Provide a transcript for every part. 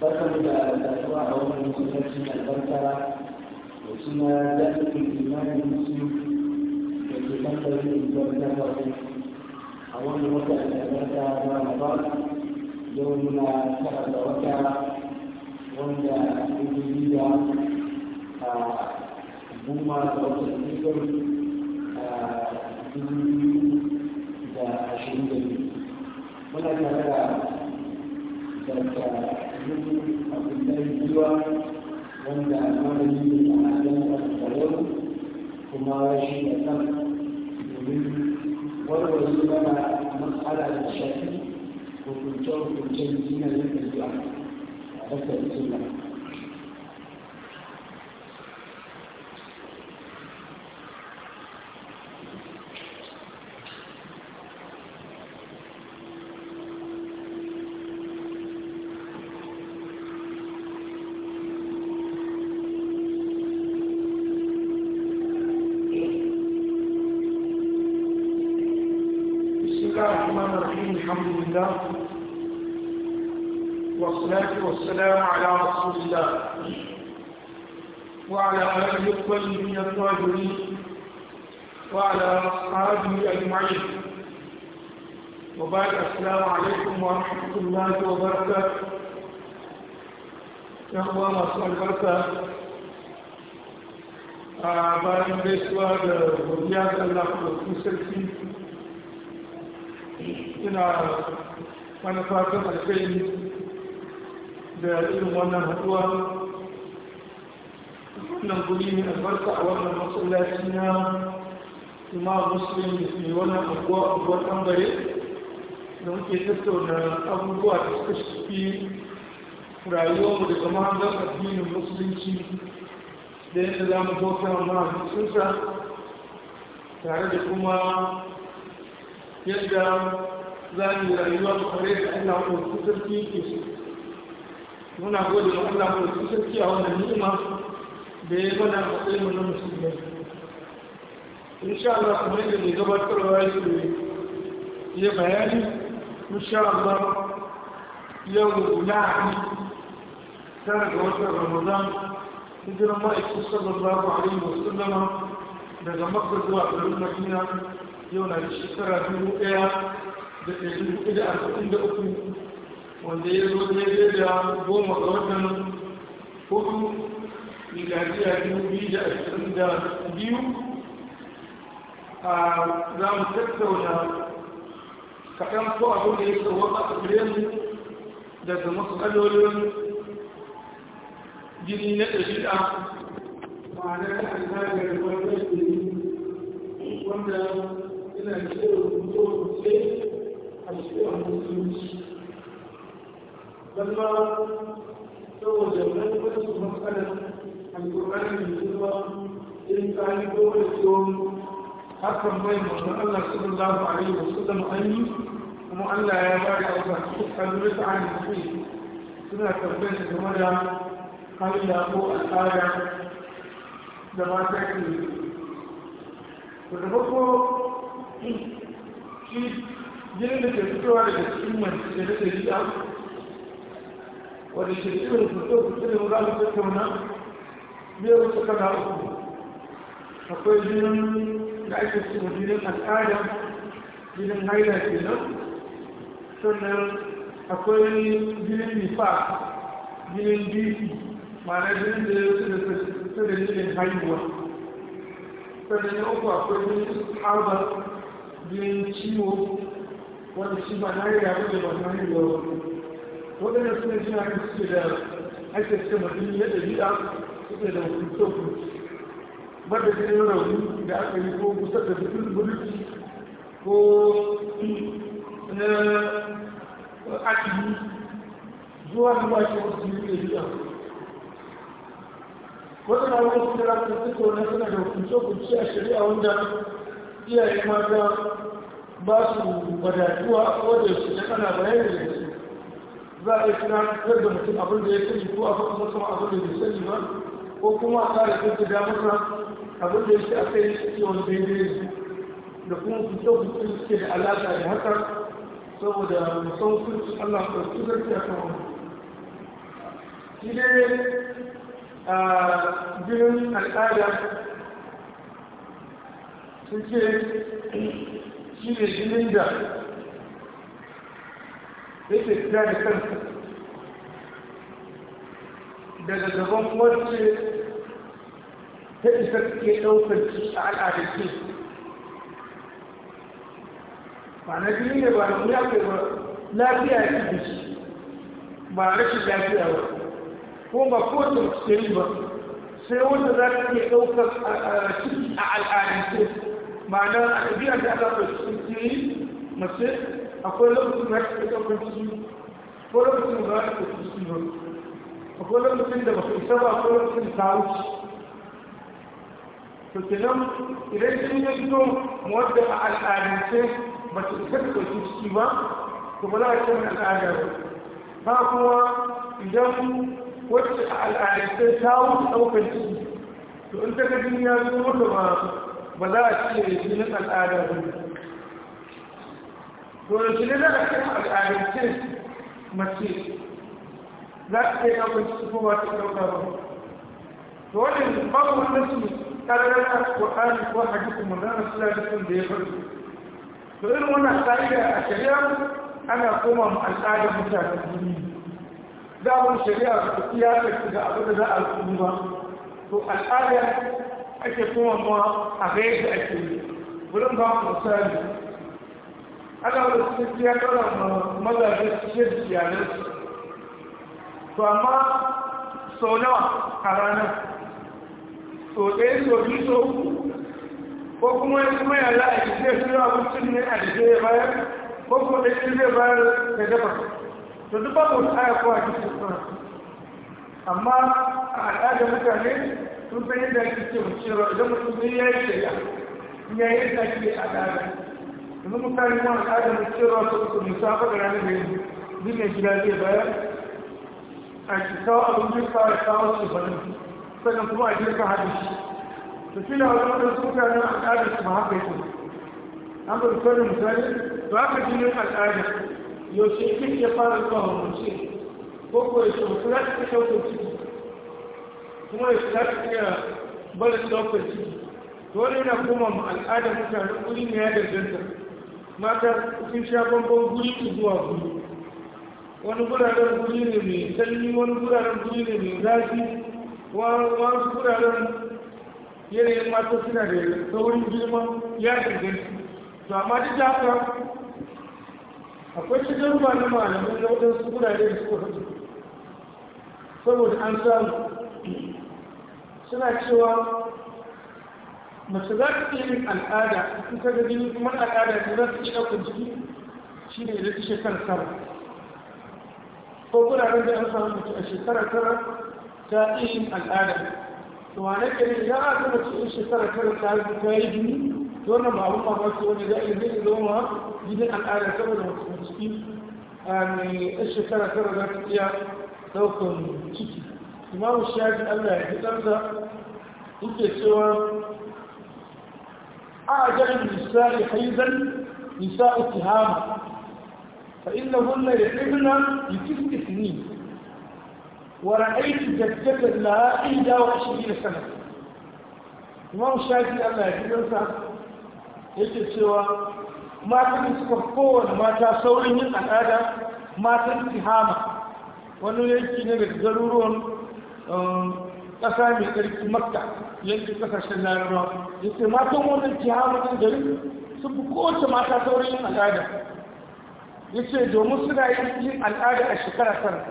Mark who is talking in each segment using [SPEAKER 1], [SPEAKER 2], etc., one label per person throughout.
[SPEAKER 1] barkan da tasowa a wannan musulunci albarka da suna zaɓin imanin musu da ke kamfanin albarka wasu a wannan wata albarka na raba yau muna tara da wata wanda ake yi da a goma da wata ɗigar a dubu da ashirin da biyu muna tare da بن عبد الله الجوع وأن أعمال من أعلام الخير كما شيء وروي لنا مسألة الشافعي وكنت كنت من الجوع حتى السنة
[SPEAKER 2] yan masu albarka a bayan gaisuwa da godiya ga Allah kuma sarki ina wani fatan alkai da irin wannan haduwa wannan guri mai albarka a wannan masallaci na imam muslim mai wannan abuwa abuwa tambare da muke tattauna abubuwa da suka shafi rayuwarmu daga mahangar addinin musulunci da yadda za mu bauta mahaifinsa tare da kuma yadda za mu rayuwa kare da Allah ɗauki ke su muna gode wa Allah ɗauki a wannan ni'ima da ya mana a tsayin na musulmai sha Allah kuma yadda mai gabatarwa ya ya bayani sha Allah yau na كان جواز رمضان هجر الله صلى الله عليه وسلم لذا مقصد الله في المدينة يونا لشكرة في رؤية بتجربة أن أربعين دقيقة وأن يزول ليلة بوم غرفنا كل من جاهزية المبيجة عند ديو رام سكتة ولا كان فوق أبو ليسر وقت بريم لذا مقصد الله jini na ɗashida ma'ana an hanyar wannan jini wanda yana cewa mutuwa ce a cikin musulunci don ma saboda wani wasu matsalar alƙur'ani da kuma in ka yi dole ciwon hakan bai mutum Allah sallallahu alaihi wa sallam an yi kuma Allah ya ba da wata dukkan rufe an suna tambayar game da halitta ko al'ada da mata ke da farko shi jinin da ke fitowa da cikin mace da ke jiya wadda ke cikin fito-fito da wuri da tattauna biyar wasu kana uku akwai jinin da ake cikin jinin al'ada jinin haila ke nan sannan akwai jinin nifa jinin dc ma'ana jinin da ya wuce da ta dalilin haihuwa sannan ya uku akwai jinin harba jinin ciwo wanda shi ba na yi rabu da ba na yi rabu waɗanda suna jina da suke da ake suke majini ya ɗabi'a suke da hukunce-hukunce ba da jinin rauni da aka yi ko kusa da jikin bulki ko na akini zuwa da ba shi wasu yi ɗabi'a wata na wani su da su suka wani suna da hukunce-hukunce a shari'a wanda iyaye mata ba su wadatuwa wadda su da ana bayani da su za a yi suna da mutum abin da ya sani ko a faɗi masa abin da bai sani ba ko kuma a kare kanta da masa abin da ya shi aka yi shi wani daidai da kuma hukunce-hukunce suke da alaƙa da haka saboda musamman Allah ɗauki zarfi a kan wani. Shi dai jinin al'ada sun ce shi ne jinin da yake fita da kansa daga gaban wacce ta isa ke daukar ci a al'adance ba na jini ne ba kuma ya ke ba lafiya ya ci da shi ba rashin lafiya ba Kuma ba ko ta ce ba sai wanda za ka iya ɗaukar ciki a al'adance ma'ana a ɗabi'a da aka ɗauki ciki mace akwai lokacin da ka ɗaukar ciki ko lokacin da za ka ɗauki ciki ba akwai lokacin da ba isa ba ko lokacin ta wuce to kenan idan sun yi mu wadda a al'adance ba ta isa ta ɗauki ciki ba to ba za a ce al'ada ba ba kuma idan wacce a al'adance ta wuce ɗaukar ciki to in daga jini ya zo wanda ba ba za a ce jinin al'ada ba to da shi ne za a kai al'adance mace za a kai ɗaukar ciki ko ba ta ɗauka ba to wannan babu wannan su ƙararrar alƙur'ani ko hadisin magana suna da sun da ya farko to irin wannan ƙa'ida a shari'a ana koma mu al'adar mutanen duniya damar shari'a da ta da su da abin da za a ba to al'adar ake kuma ma a gaya da ake yi wurin ba ku misali ana wanda su kiya kara mazaje su ce da siyanar su to amma sau nawa a ranar so ɗaya so bi so uku ko kuma ya kuma yalla a ke ce su yi abincin ne a jike ya bayar ko kuma ɗaya ke bayar da dafa to duk babu wani aya kowa ko cikin suna amma a al'adar mutane sun san yadda ake ce mu cewa idan mutum ne ya yi shari'a ya yi yadda ake al'ada yanzu mutane ma al'adar mu cewa su su mu sa faɗa ranar da yanzu duk mai gida zai bayar a ki kawo abin jirka da kawo su bane sannan kuma a jirka hadisi to shi da wani wanda su mutane al'adar su ma haka yi yake an ba su sanin mutane to haka jini al'adar yaushe kin ya fara zuwa mace ko ko yaushe mutum za ta ɗaukar ciki kuma ya za ta iya barin ɗaukar ciki dole yana koma ma al'adar mutane guri ne ya danganta mata sun sha bambam guri zuwa guri wani guraren guri ne mai sanyi wani guraren guri ne mai zafi wasu guraren yanayin mata suna da saurin girma ya danganta to amma duk da haka akwai cikin ruwa na malamin da waɗansu gurare da suka fito saboda an samu suna cewa mace za ta iya yin al'ada in ka ga jini kuma al'ada ta za ta iya ɗaukar jiki shi ne da ta shekara tara ko guraren da an samu mace a shekara tara ta iya yin al'ada to wane ne ya aka mace in shekara tara ta yi jini to wannan ba abin mamaki wanda za a yi zai zama ma gidan al'ada saboda mutum ciki a mai yan shekara tara za ta iya daukan ciki imamu shafi allah ya fitarsa yake cewa a ajalin nisa'i haizan nisa'u tihama fa inna hunna yaqibna bi tis'i sinin ورأيت جدة لها 21 سنة إمام الشافعي الله يجزاه yake cewa matan da suka kowane mata saurin yin al'ada matan tihama wani yanki ne da garuruwan um, ƙasa mai tsarki makka yankin ƙasashen larabawa ya ce matan wannan tihama ɗin gari sun fi kowace mata saurin yin al'ada ya ce domin suna yin al'ada a shekara tara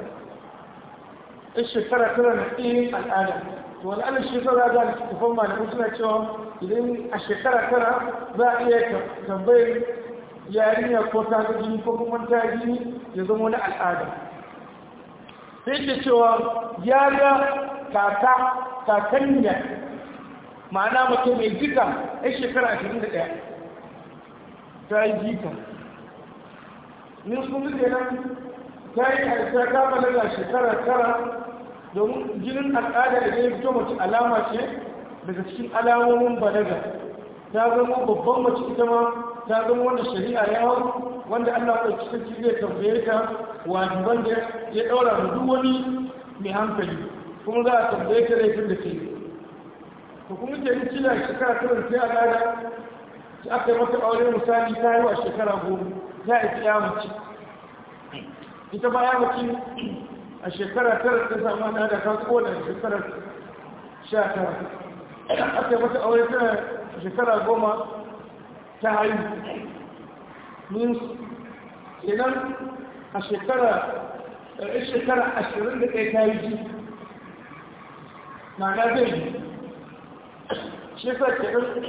[SPEAKER 2] a shekara tara na yin al'ada to wani ala shi za ga ma malamai mutuna cewa idan a shekara tara za a iya tambayar yarinya ko ta ga jini ko kuma ta jini ya zama wani al'ada sai ke cewa ga kaka kakanniya ma'ana mutum mai jika ya shekara 21 ta yi jika ni sun zai nan ta yi a ta kama daga shekara tara domin jinin al'ada da ya fito mace alama ce daga cikin alamomin balaga ta zama babban mace ita ma ta zama wanda shari'a ya hau wanda Allah ya cikin zai tambaye ta wajiban da ya daura da duk wani mai hankali kuma za a tambaye ta laifin da ke to kuma ke yi kila shekara ta sai a gada ta aka yi mata aure misali ta yi wa shekara goma za a yi ta mace ita ba ya mace الشكرة كرت زمان أنا كنقول الشكرة شاكرة حتى بس أول سنة الشكرة قوما تعي من سنة الشكرة الشكرة أشرين بتعيجي ما نبي شكرة كرت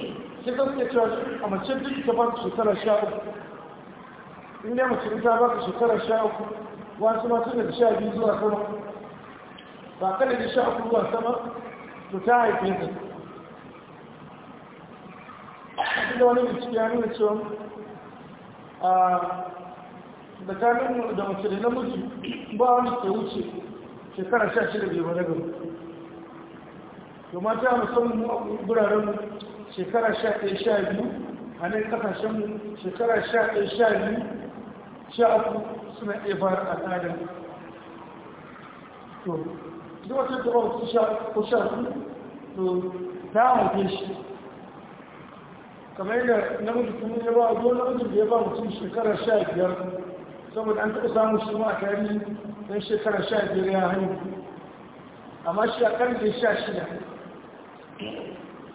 [SPEAKER 2] شكرة كرت أما شدي تبان شكرة شاكرة إنما شكرة بقى شكرة شاكرة wasu masu da sha biyu zuwa sama ba kada da sha uku zuwa sama su ta su a cikin wani bincike ya nuna cewa a tsakanin da mutane na namiji ba wani ke wuce shekara sha shi shida bai balaga to mata musamman guraren shekara sha ɗaya sha biyu a nan ƙasashenmu shekara sha ɗaya sha biyu sha uku suna iya fara al'adar to duk wata da ba sha ko sha to za a haife shi kamar yadda namiji kuma ya ba a namiji da ya ba mutum shekara sha biyar saboda an taɓa samun shi ma a tarihi don shekara sha biyar ya haihu amma shi a ƙarfe sha shida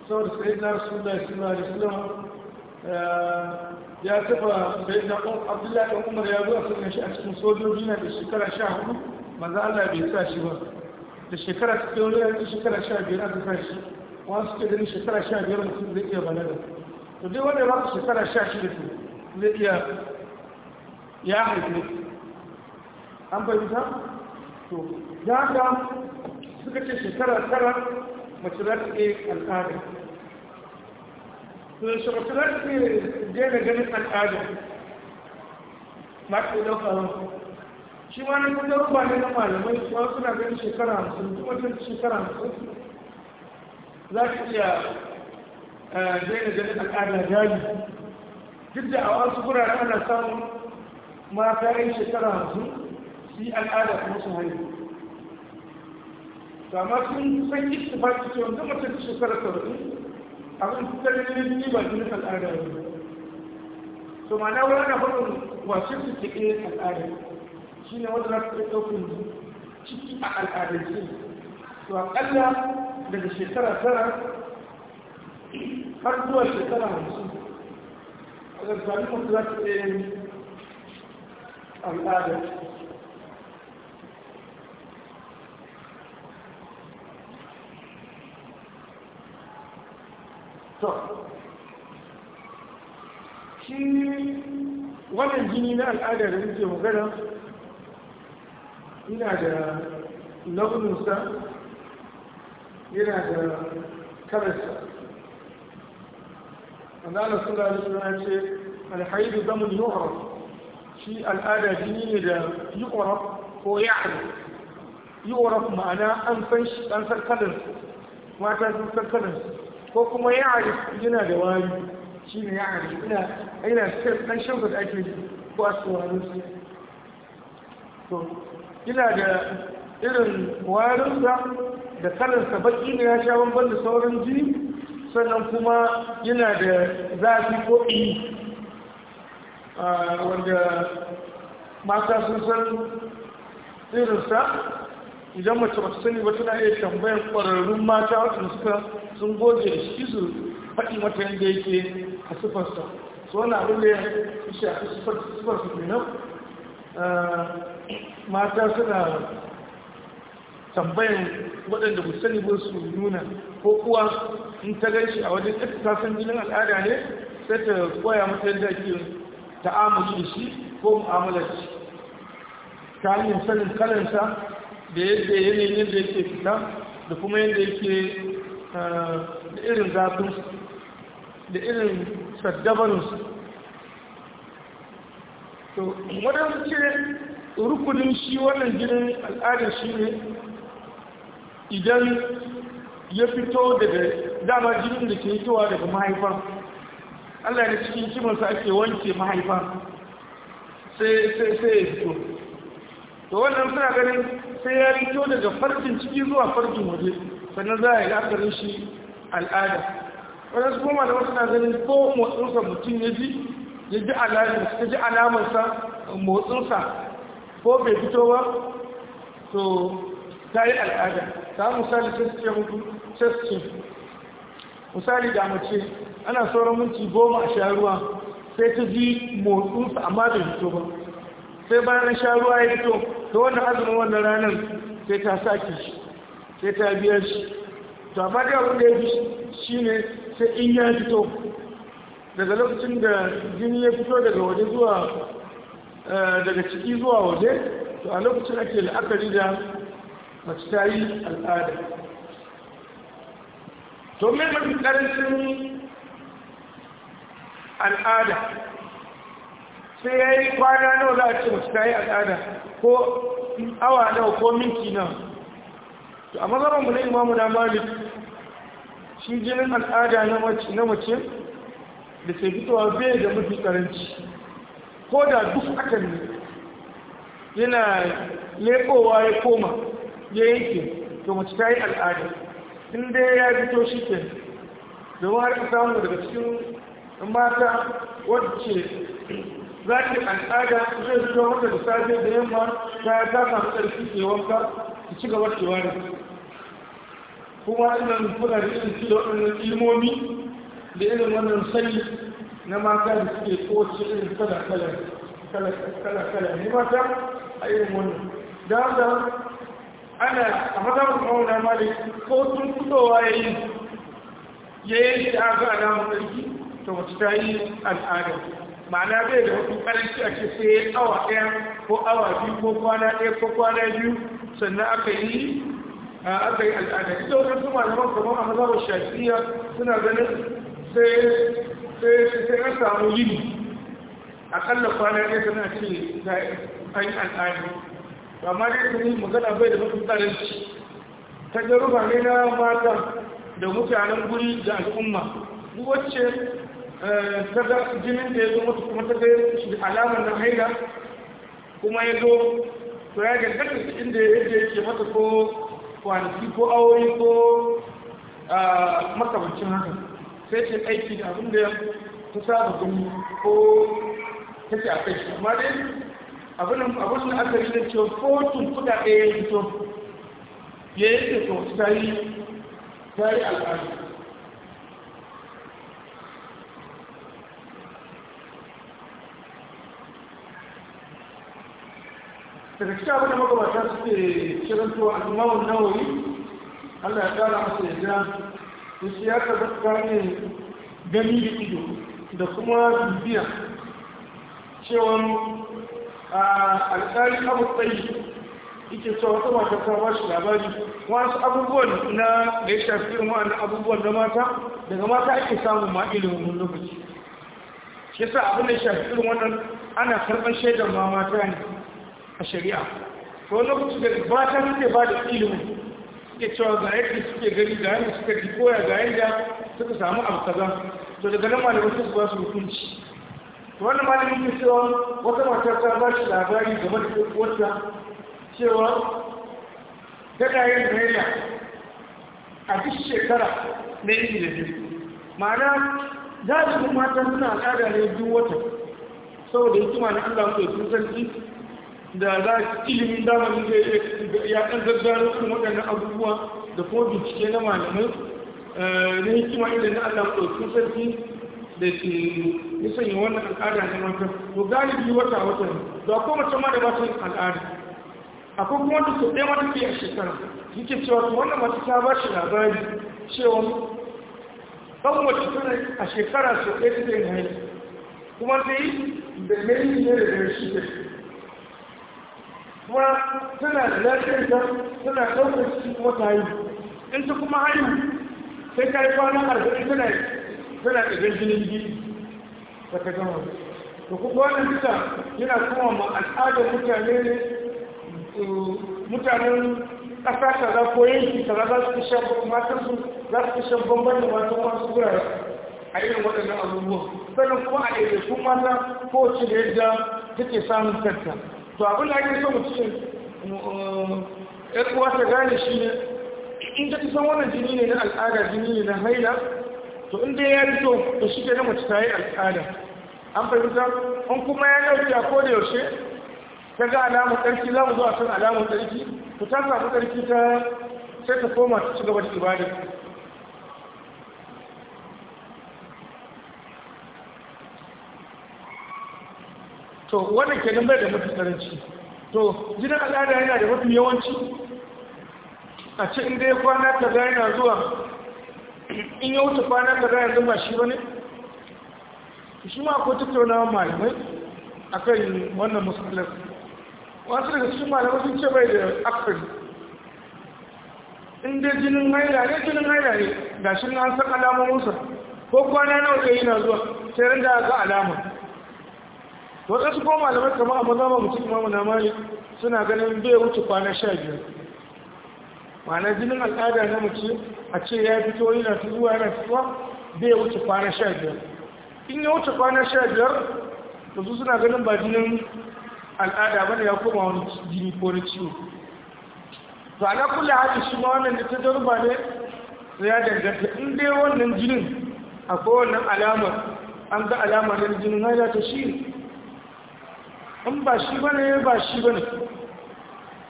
[SPEAKER 2] saboda sai na rasu da suna da suna ya tafa bai da abdullahi ɗan umar ya zuwa sun shi a cikin sojoji na da shekara sha hudu maza allah bai sa shi ba da shekara ta ɗaure ya ta shekara sha biyar aka sa shi wani suke ganin shekara sha biyar mutum zai iya balaga to dai wanda ba su shekara sha shida su zai iya ya haife an ta to ya haka suka ce shekara tara mace za ta iya al'ada su shafi za da ganin al'ada ba su ɗauka ba shi ma na ne na malamai su suna ganin shekara hamsin duk wajen shekara hamsin za su iya daina eh, ganin al'ada jari duk da a wasu na, ana samun mata yin shekara hamsin su yi al'ada kuma su haihu to amma sun san yi su ba su ce wanda mace shekara saba'in abin su tsarin jini ba jini al'ada ne so ma na wuri ana faɗin washe su ke ɗaya al'ada shi ne wanda za su ɗaya ɗaukin ciki a al'adance to aƙalla daga shekara tara har zuwa shekara hamsin a zarfani kuma za su ɗaya al'ada
[SPEAKER 1] sọ̀rọ̀
[SPEAKER 3] shi
[SPEAKER 2] wannan jini na al'ada da nake magana yana da launinsa yana da karasa annalar sura da suna ce alhaidu zamun yuhar shi al'ada jini ne da yuhar ko ya'ar yuhar ma'ana an san shi an san kalansa mata sun san kalansa ko kuma ya a yana da wari shi ne ya arifu ina ina shan ɗan shan da ake ko a su to ina da irin warinsa da kalansa baki ne ya sha da sauran jini sannan kuma yana da zafi ko ɗi wanda mata sun san irinsa idan mace masu sani ba tana iya tambayar ƙwararrun mata wasu suka sun goge da su faɗi mata yadda yake a sufarsa su wani abin da ya fi sufarsa kenan eh, mata suna tambayan waɗanda ba sani ba su nuna ko kuwa in ta gan a wajen ta tasan jinin al'ada ne sai ta koya mata yadda ke ta'amuli da shi ko mu'amalar shi ta hanyar sanin kalansa da yadda yanayin yadda yake fita da kuma yadda yake da irin zafinsu da irin su. to waɗansu ce rukunin shi wannan ginin al'adar shi ne idan ya fito daga dama jinin da ke hitowa daga mahaifa Allah ne cikin kimansa ake wanke mahaifa sai sai sai ya fito to wannan suna ganin sai ya fito daga farjin ciki zuwa farjin waje sannan za a yi la'akarin shi al'ada su kuma da wasu na ganin ko motsinsa mutum ya ji ya ji alamarsa motsinsa ko bai fito ba to ta yi al'ada ta misali sai mutu misali da mace ana sauran minti goma a sharuwa sai ta ji motsinsa amma bai fito ba sai bayan sharuwa ya fito da wannan azumin wannan ranar sai ta sake shi sai ta biya shi to amma da abin da ya fi shi ne sai in ya fito daga lokacin da jini ya fito daga waje zuwa eh, daga ciki zuwa waje to a lokacin ake la'akari da mace ta yi al'ada to mai mafi karancin al'ada sai ya yi kwana nawa za a ce mace ta yi al'ada ko awa nawa ko minti nawa to a mu na imamu na malik shi jinin al'ada na mace da ke fitowa bai da mafi karanci ko da duk akan ne yana lekowa ya koma ya yanke to mace ta yi al'ada in dai ya fito shi ke domin har ka samu daga cikin mata wacce za ta al'ada zai fito wata da safe da yamma ta ta samu ƙarfi ke wanka ta ci gaba da wani kuma ina kuna da irin su da waɗannan ilmomi da irin wannan sani na mata da suke kowace irin kala-kala ne mata a irin wannan da haka ana a mazabin ma'auna mali ko sun fitowa ya yi ya yi shi a ga alamun ɗarki ta wacce ta yi al'adar ma'ana bai da wasu ƙaranci a ce sai awa ɗaya ko awa biyu ko kwana ɗaya ko kwana biyu sannan aka yi aka yi al'ada ita wajen su malaman kamar a mazabar shafiya suna ganin sai an samu yini kalla kwana ɗaya na ce za a yi al'ada ba ma dai sun yi magana bai da mafi tsaranci ta jaruba ne na mata da mutanen guri da al'umma duk wacce eh, ta ga jinin da ya zo mutu kuma ta ga alamar na haila kuma ya zo to ya danganta inda yadda yake mata ko kwanaki ko awoyi ko makamancin haka sai ce aiki da abin da ya ta saba gani ko ce a kai amma dai abin abin da aka yi da cewa kotun kuɗaɗe ya fito ya yi da ta yi ta yi al'adu daga cikin abin da magabata suke kiranto a imawun nawayi allah ya kara masa ya ja shi ya ka zaka ne gani da ido da kuma bibiya cewa alƙari abu tsayi yake cewa wata mata ta ba shi labari wasu abubuwan na da ya shafi irin wa'annan abubuwan da mata daga mata ake samun ma ilimin lokaci shi yasa abin da ya shafi irin wannan ana karɓar shaidar ma mata ne a shari'a ko lokacin da ba ta suke ba da ilimin suke cewa ga yadda suke gari ga yadda suka ji koya ga yadda suka samu abu to daga nan malamin su ba su hukunci to wannan malamin ke cewa wata mata ta ba shi labari game da wata cewa daga yin gaila a duk shekara na yin da biyu ma'ana za su mata suna al'ada ne duk wata saboda hikima na Allah ko sun sanci da za ilimin damar da ya ɗan zazzaro su waɗannan abubuwa da kuma bincike na malamai eh, na hikima irin na Allah sun sarki da ke ya sanya wannan al'ada na mata to galibi wata wata ne da ko mace ma da ba ta al'ada akwai kuma wanda su ɗaya mata ke a shekara yake cewa to wannan mace ta ba shi labari cewa ɗan wata tana a shekara sau ɗaya ta yi haihu kuma sai da mai ne da shi da shi kuma suna da lafiyarta suna ɗaukar cikin wata yi, in ta kuma haihu sai ka yi kwana arba'in tana tana ɗagar jinin biyu ta ka gama to kuma wannan bisa yana kuma ma al'adar mutane ne mutanen ƙasa kaza ko yanki kaza za su fi shan matan su za su fi shan bamban da matan masu wurare a irin waɗannan abubuwan sannan kuma a ɗaiɗaikun mata kowace da yadda take samun kanta to abin da ake so mutum cikin uh, uwa ta gane shi ne in ta san wannan jini ne na al'ada jini ne na haila to in dai ya fito da shi ke na mace al'ada an fahimta an kuma ya ɗauki a da yaushe ta ga alamun ƙarfi za mu zo a san alamun ƙarfi Ku ta samu ƙarfi ta sai ta koma ta ci gaba da ibada to wannan kenan bai da mafi karanci to jinin al'ada yana da mafi yawanci a ce inda ya kwana kaza yana zuwa in ya wuce kwana kaza yanzu ba shi ba ne shi ma ko tattaunawa malamai a kan wannan musulun wasu daga cikin malamai sun ce bai da akari Inda jinin haila ne jinin haila ne ga shi an san alamominsa ko kwana nawa yi na zuwa sai rinda ga alama waɗansu ko malamai kamar a mazama mutum imamu na mali suna ganin bai wuce kwana sha biyar ma'ana jinin al'ada na mace a ce ya fito yana tuzuwa yana tuzuwa bai wuce kwana sha biyar in ya wuce kwana sha biyar da su suna ganin ba jinin al'ada ba da ya koma wani jini ko na ciwo to ana kula hali shi ma wannan da ta darba ne da ya danganta in dai wannan jinin akwai wannan alamar an ga alamar jinin haila ta shi in ba shi ne ba shi ne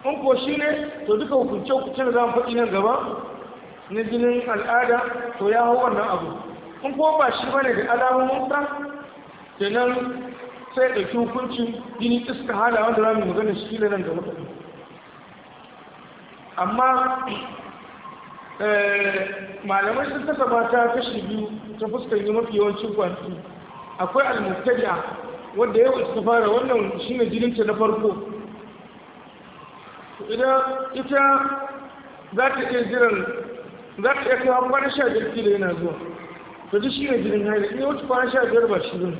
[SPEAKER 2] in ko shi ne to duka hukunce hukunce da za mu faɗi nan gaba na jinin al'ada to ya hau wannan abu in ko ba shi bane da alamomin sa nan sai da ɗauki hukuncin jini iska hala wanda za mu magana shi da nan gaba amma eh, malamai sun kasa mata kashi biyu ta fuskar yi mafi yawancin kwanci akwai almubtadi'a wanda ya wuce fara wannan shine jininta na farko Idan ita za ta iya jiran za ta iya kawo kwana sha biyar kila yana zuwa to duk shi ne jirin haila ne wata kwana sha biyar ba shi ne.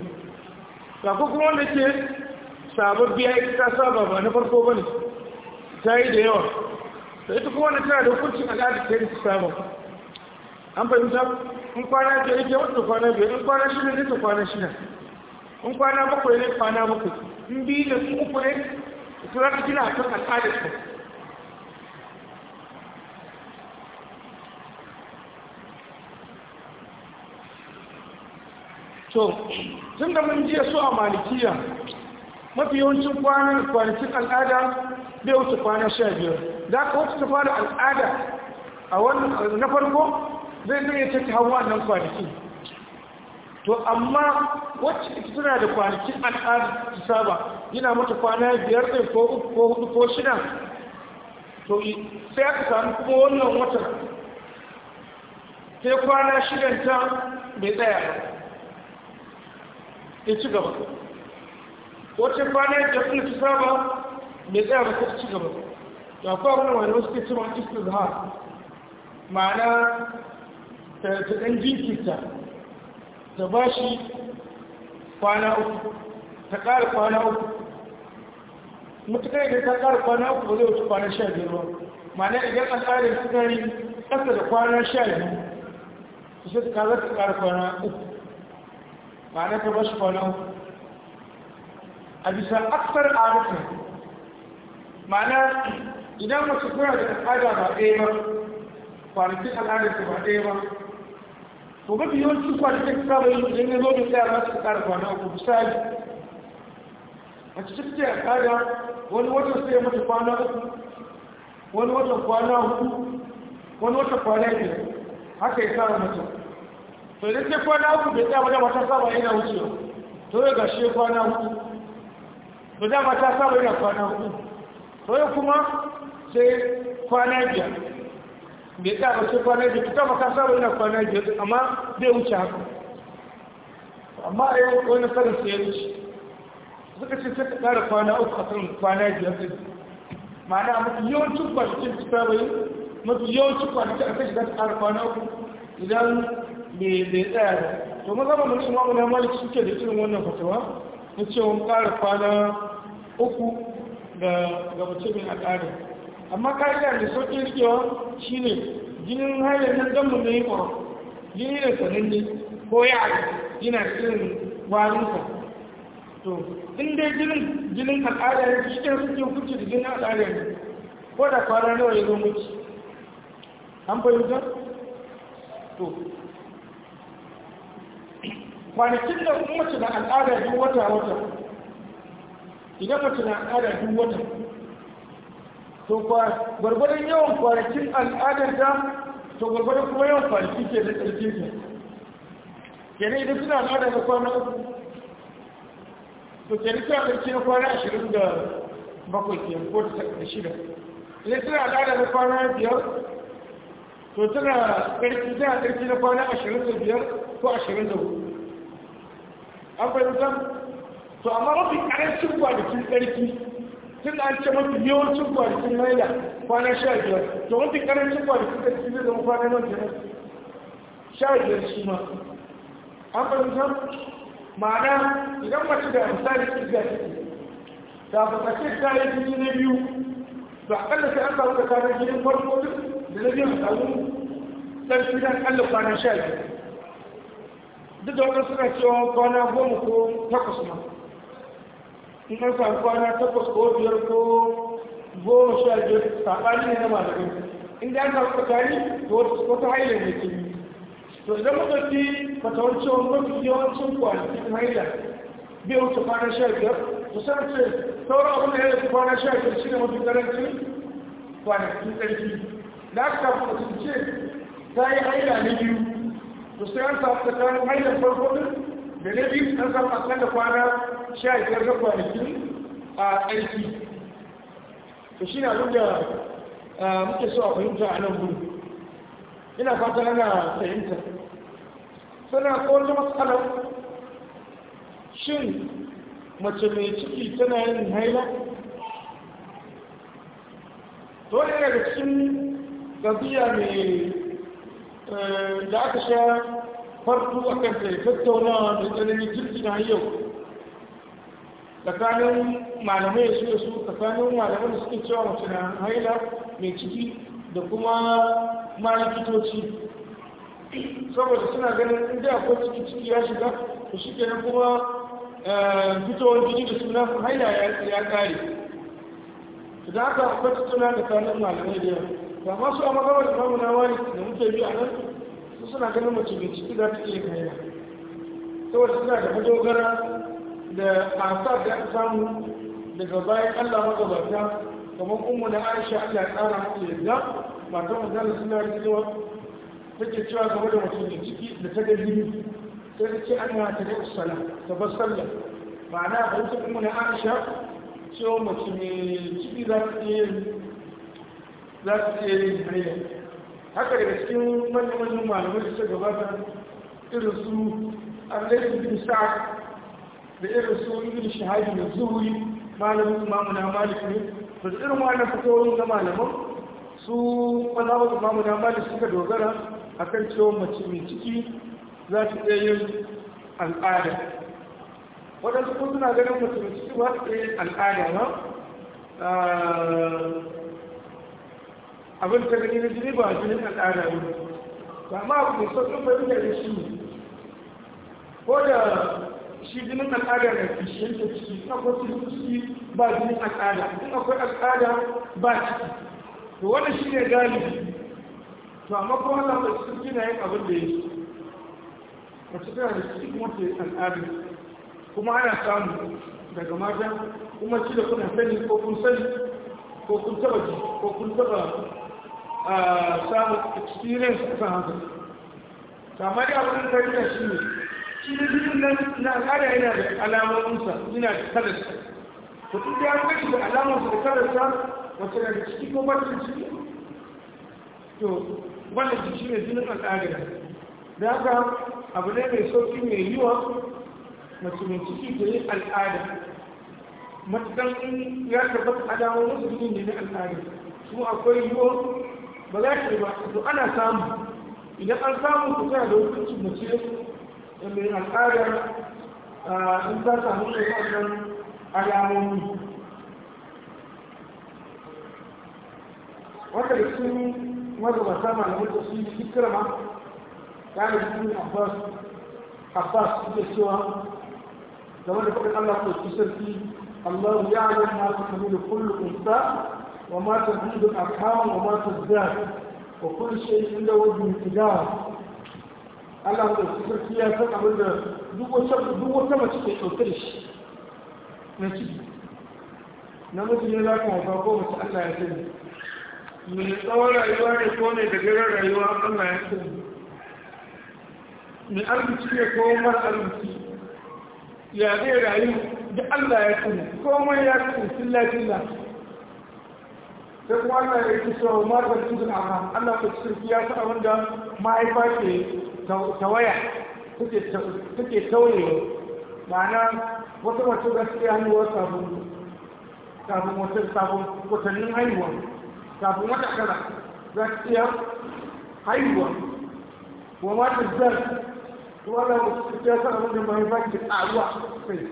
[SPEAKER 2] ba ko kuma wanda ke sababbi ya ta saba ba na farko ba ne ta yi da yawa da ita kuma wanda tana da hukuncin al'ada ta yi saba an fahimta in kwana biyar ke wata kwana biyar in kwana shida ne ta kwana shida in kwana bakwai ne kwana bakwai in biyu da su uku ne su zaka su gina kan al'adar su to tun da mun jiya su a malikiya mafi yawancin kwanan kwanakin al'ada bai wuce kwana sha biyar da aka wuce ta fara al'ada a wannan na farko zai zai ya hawa wannan kwanaki. to amma wacce ita tana da kwanakin al'adu ta saba yana mata kwana biyar ɗin ko uku ko hudu ko shida to sai aka samu kuma wannan watan sai kwana shidan ta bai tsaya ba ya ci gaba wacce kwana ya ƙarfi ta saba bai tsaya ba ta ci gaba to akwai wani wani wasu ke cewa istizhar ma'ana ta ɗan jinkirta ta ba shi kwana uku ta ƙara kwana uku mutukar da ta ƙara kwana uku ba zai wuce kwana sha biyar ba ma'ana idan an ƙara yin sukari ƙasa da kwana sha biyu su sai ta za ta ƙara kwana uku ma'ana ta ba shi kwana uku a bisa aksar arufin ma'ana idan mace kura da al'ada ba ɗaya ba kwanakin al'adarsa ba ɗaya ba to mafi yawanci kwanaki ta saba yi idan ya zo da tsaya su ƙara kwana uku misali a cikin ta al'ada wani watan sai mata kwana uku wani watan kwana hudu wani kwana biyar haka ya saba mata to idan sai kwana uku bai tsaya ba ta saba yana to ya gashe kwana hudu to dama ta saba yana kwana to ya kuma sai kwana biyar bai tsaya ba saba ina kwana amma zai wuce haka amma a yau wani karin sai ya wuce suka ce uku a kan kwana biyar ɗin ma'ana mafi yawancin kwanakin bai mafi yawancin kwanakin a kan shiga uku idan bai tsaya to mun suke da irin wannan fatawa na cewa kara kwana uku gabace bin amma ka'ida da sauƙi rikewa shi ne jinin hanyar nan don mu yi kwa jini da sananne ko ya yana cikin warinsa to in dai jinin jinin al'ada ya shi ɗan suke hukunci da jinin al'ada ne ko da kwana nawa ya zo muci an fahimta to kwanakin da mace na al'ada duk wata wata idan mace na al'ada duk wata to gwargwadon yawan kwanakin al'adar ta to gwargwadon kuma yawan kwanaki ke da tsarki ke kenan idan suna al'adar da kwana uku to kenan suna tsarki na kwana ashirin da bakwai ke ko da shida idan suna al'adar da kwana biyar to tana tsarki tana tsarki na kwana ashirin da biyar ko ashirin da hudu an fahimta to amma mafi karancin kwanakin tsarki tun da an ce mafi yawancin kwanakin maida kwana sha biyar to mafi karancin kwanakin da cikin zai zama kwana nan nasu sha biyar shi ma an fahimta ma'ana idan mace da misali su ga ciki da fuskace ta yi jini na biyu da akalla sai an samu tsakanin jinin farko da na biyu a samu ɗarfi na akalla kwana sha biyar duk da wani suna cewa kwana goma ko takwas ma in an samu kwana takwas ko biyar ko goma sha biyar saɓani ne na malamai in da an samu tsakani to wata haila ne ke to idan muka fi fatawancin cewa mafi yawancin kwanaki na haila bai wuce kwana sha biyar to sai sauran abin da ya wuce kwana sha biyar shi ne mafi karancin kwanakin ƙarfi da aka samu mutum ce ta yi haila na biyu to sai an samu tsakanin hailar farko din da na biyu an samu da kwana sha biyar na kwanakin a aiki to shi na abin da muke so a fahimta a nan gudu ina fata ana fahimta sana kowace matsalar shin mace mai ciki tana yin haila to wani daga cikin gabiya mai eh, da aka sha farko a kan sai tattaunawa da tsananin na yau tsakanin malamai su da su tsakanin malamai da suke cewa mace na haila mai ciki da kuma malikitoci saboda suna ganin inda akwai ciki ciki ya shiga to shi kenan kuma eh, fitowar jini da suna haila ya kare da aka akwai tattaunawa tsakanin malamai da yau ba masu a magabar imamu na wani da mutane a nan suna ganin mace mai ciki za ta iya kaina saboda suna da madogara da asar da aka samu daga bayan allah magabata kamar umu na aisha ya tsara mata yadda matan da suna ta ke cewa game da mace mai ciki da ta ga jini sai ta ce ana ta da usala ta bar sallah ma'ana a wutar umu na aisha cewa mace mai ciki za ta iya yin za ta iya yin haka da cikin manyan malamai suka gabata irin su arlaisu bin sa'ad da irin su ibn shahadi da zuhuri malamin imamu na malik ne to da irin wani fitowar ga malaman su mazhabar imamu na malik suka dogara a kan cewa mace mai ciki za su iya yin al'ada waɗansu kuma suna ganin mace mai ciki ba su iya yin al'ada ba ah, abin ta gani na jini ba jinin al'ada ne ba ma abu mai sauƙin fahimta da shi ko da shi jinin al'ada na kishiyar ta ciki akwai ciki ba jinin al'ada in akwai al'ada ba ciki to wani shi ne gani, to amma kuma Allah mai sun gina yin abin da ya yi a cikin da ciki kuma ta al'ada kuma ana samu daga mata kuma shi da kuna sani ko kun sani ko kun taba ji ko kun taba samun experience kan haka kamar da abin fahimta shi ne shi da jikin nan na al'ada yana da alamominsa yana da kalarsa to duk da ya gaji da alamarsa da kalarsa wacce da ciki ko ba ciki to wannan jiki ne jinin al'ada da haka abu ne mai sauki mai yiwa mace mai ciki ta yi al'ada Matakan in ya tabbata alamominsa jinin da na al'ada kuma akwai yiwa ba za ka yi ba to ana samu idan an samu ku tana da hukuncin mace da mai al'adar in ta samu da wannan alamomi wanda da sun ba malamai da sun yi fikirma ta da cikin abbas abbas suke cewa game da faɗin allah ko sarki allah ya yi ma su kamar da kullum unsa a وما تزيد الأرحام وما تزداد وكل شيء عنده wajen مقدار Allah da sarki ya san abin da duk wata mace ke ɗauke da shi na ciki namiji ne za ka haifa ko mace Allah ya sani mai tsawon rayuwa ne ko mai dagarar rayuwa Allah ya sani mai arziki ne ko mara arziki ya zai rayu da Allah ya sani komai ya sani sun lafiya sai kuma Allah ya yi cewa ma da su da amma Allah ta cikin ya ta abin da mahaifa ke tawaya take tauye ma'ana wata mace da su hannuwa sabon sabon wata sabon watannin haihuwa sabon wata kara za su iya haihuwa wa ma da kuma da su ya sa abin da mahaifa ke ƙaruwa sai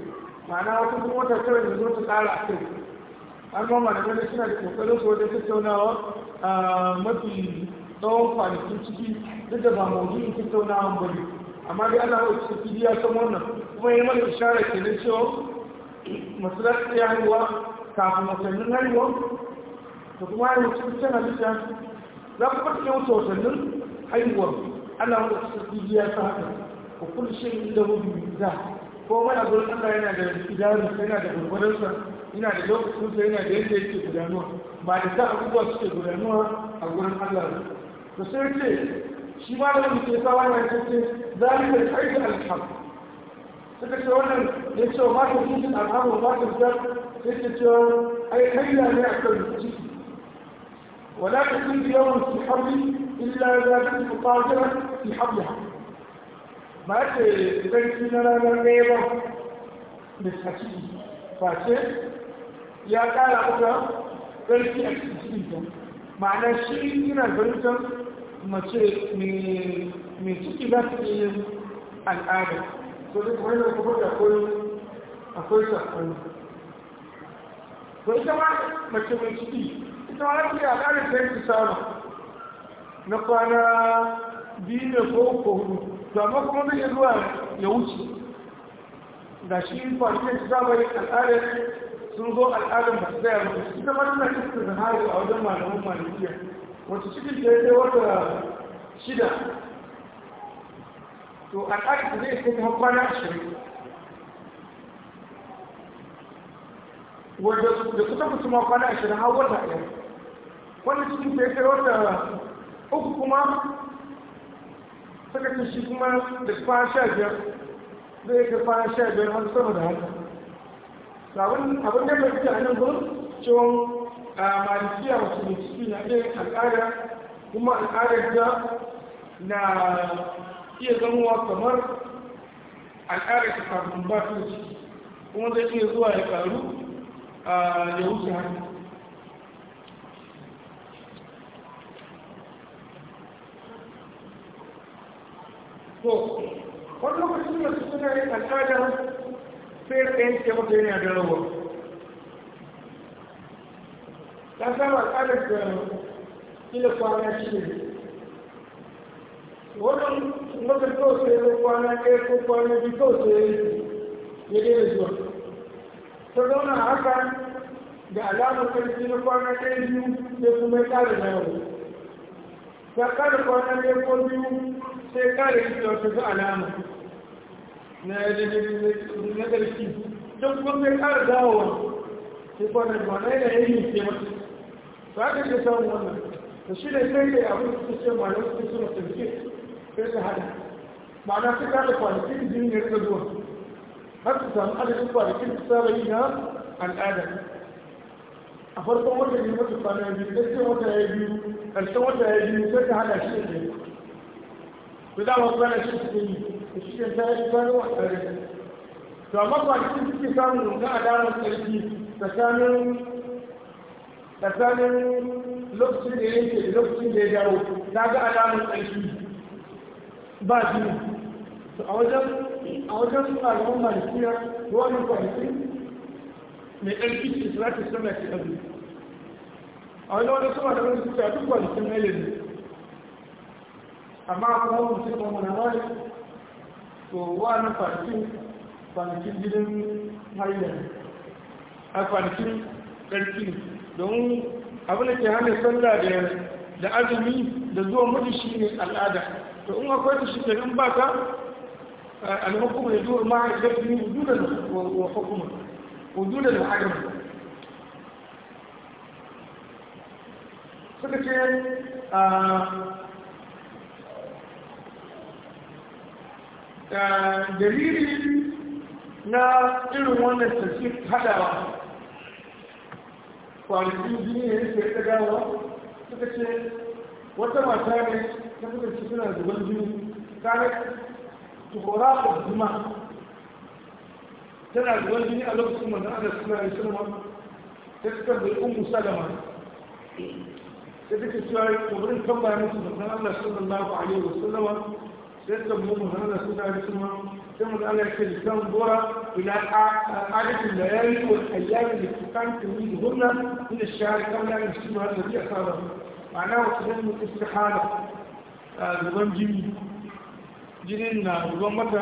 [SPEAKER 2] ma'ana wata kuma wata kara da zo ta ƙara a kai har ma malamai suna da kokarin su wajen tattaunawa a mafi tsawon kwanakin ciki duk da ba maudu'in tattaunawa ba ne amma dai ana wasu ciki ya san wannan kuma ya mana ishara ke nan cewa masarar ya haihuwa kafin watannin haihuwa da kuma haihuwa cikin za ku fata yau ta watannin haihuwa ana wasu ciki ya san haka ku kulshin da mu biyu za ko mana gurin Allah yana da idanun yana da gurgurinsa yana da lokacin sa yana da yadda yake gudanuwa ba da ta abubuwa suke gudanuwa a gurin Allah ne to sai ce shi ma da muke sa wannan sai zalika aiki alham suka ce wannan ya ce ma ta shi alhamu ma ta zar sai ce ce ai hayya ne akan ciki ولا تكون بيوم في حبل إلا إذا كنت قادرا في حبلها ba ce zarki na ranar ɗaya ba lissaci ba ce ya ƙara kuka zarki a cikin ta ma'ana shi yana zartar mace mai ciki za su iya yin al'ada so duk wannan kuma da akwai sakon ko ita ma mace mai ciki ita ma za a iya ƙarin zarki sama na kwana biyu da ko hudu to amma kuma zai zuwa ya wuce da shi kwanke shi zaba yi al'adar sun zo al'adar masu su zaya mutu ita zama suna cikin da hari a wajen malamun malamiya wacce cikin da ya kai wata shida to al'adar su zai kai kwana ashirin wanda da su tafi suma kwana ashirin har wata ɗaya wanda cikin da ya kai wata uku kuma suka ce shi kuma da kwan sha biyar zai ga kwan sha biyar har sama da haka sabon abin da bai hannun gudun cewon a malisiya wasu ne ciki na ɗaya al'ada kuma al'adar da na iya zamuwa kamar al'adar ta kafin ba su ciki kuma zai iya zuwa ya karu a wuce haka to wani lokacin da su suna yin al'adar sai da yanke mata yana da rawa ta samu al'adar da ila kwana shi ne wannan mutum kawai sai ya kwana ɗaya ko kwana biyu kawai sai ya daina zuwa ta zauna haka da alamar ƙarfi na kwana ɗaya biyu sai kuma ya ƙara da yawa ta ƙara kwana ɗaya ko biyu sai kare shi da wata alama na ƙarfi don kuma sai kara dawowa sai kwanan ba na yana yi ke mata ba ka ke samun wannan da shi ne sai dai abin da ce ma yau su suna tafiye sai ta hada ma'ana su kara kwanakin jini ya rika zuwa har su samu adadin kwanakin su saba yi na al'ada a farkon wata ne mata kwanan biyu sai wata ya biyu ƙarshen wata ya biyu sai ta hada shi ne to da wasu bana shi suke yi da shi da sarari sarari wa sarari to amma kwanaki suke samu na alamar sarki tsakanin tsakanin lokacin da yake da lokacin da ya dawo na ga alamar sarki ba shi to a wajen a wajen su alamun malikiya ko wannan kwanaki mai ɗarki ce su za ta sama ta ɗabi a wani wani sama da wani suka duk kwanakin na yanzu amma kuma mutum ba mu na bari to wa na kwanakin kwanakin gidan hayyar a kwanakin ƙarfi domin abin da ke hana sallah da azumi da zuwa mutu shi ne al'ada to in akwai da shekarun ba ka alhukum ya zuwa ma a ne, wujudan wa hukuma wujudan da adam suka ce ah, dalili na irin wannan tafi hadawa kwanakin jini ne yake ta gawa suka ce wata mata ne ta suka ce suna zuban jini kare kora da zuma tana zuban jini a lokacin manzan ana suna da suna ta suka bai da salama ta take wa kwabarin kan bayan su manzan Allah sallallahu alaihi wasallama لسه مو مهمة سنة اسمها ثم الآن لتنظر إلى عدد الليالي والأيام التي كانت تريدهن من الشهر كما لا يسمى يعني الذي أصابه معناه تتم الاستحالة آه، نظام جيني جيني نظام متى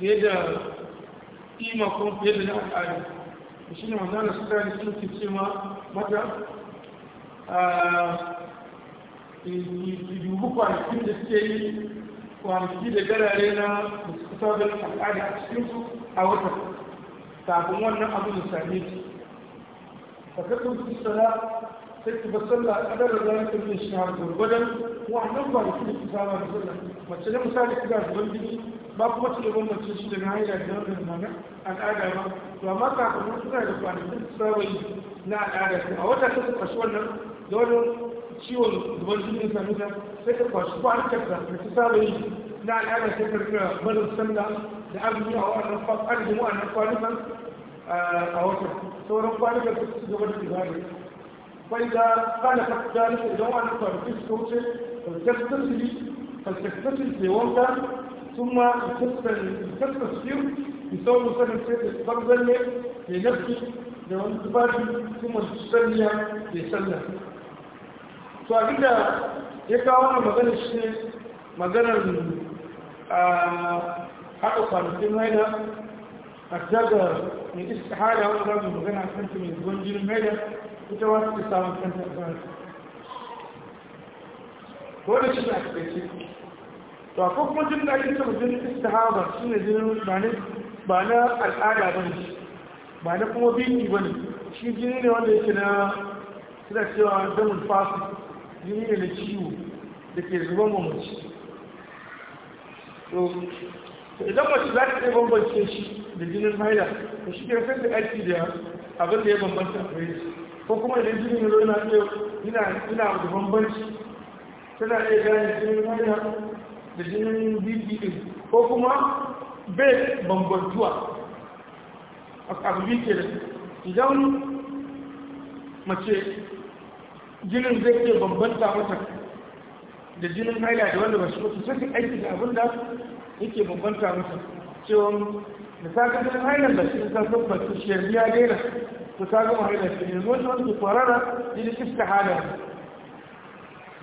[SPEAKER 2] يدى قيمة كون يدى الأعلى وشين مهمة سنة اسمها تسمى متى يجيبوا كوانتين تسكيين kwanaki da garare na musamman al'ada a cikinsu a wata kafin wannan abu da same su fakatun fusara sai ki ba sallah a kadar da zai kan shi har gurgudan wannan ba da kuma kusa ba da sallah mace da misali kira zuban gini ba kuma ci gaban mace shi daga hanyar da wannan mana al'ada ba to amma kafin suna da kwanakin sabai na al'ada su a wata ta su kashe wannan dole ciwon zubar jini sami ta sai ka kwashi kwanukan da ta saba yi na al'ada sai karka barin sanda da azumi a wannan a nan kwanukan a wata sauran kwanukan su su gaba da ibada bai da kana ka dalika idan wannan kwanukan su wuce fasirtar su yi fasirtar su ke wanka sun ma fasirtar su yi يسوي مثلا سيد الضرب ذلك لنفسه لو انت باقي to abinda ya kawo wani magana shi maganar haɗa kwanakin haida a daga mai iska hada wani zamu magana kan ta mai zuwan jirin haida ita wasu ta samun kanta a zara ko da shi a ce. to a kuma jin da ake cewa jinin iska hada shi ne jirin ba na al'ada ba ne ba na kuma biki ba ne shi jini ne wanda yake na suna cewa damun fasu yunwa da ciwo da ke zuba mamaci to idan mace za ta iya bambance shi da jinin haila to shi ke sai da aiki da abin da ya bambanta a kai ko kuma idan jinin ya zo yana iya yana yana da bambanci tana iya gane jinin haila da jinin bibi ko kuma bai bambantuwa a abu ke da idan mace jinin zai ke bambanta mata da jinin haila da wanda ba shi mutu sai aiki da abin da yake bambanta mata cewa da ta jinin haila da shi ta tabbata shi ya daina to ta gama haila shi ne zuwa wanda ke kwarara jinin iska hada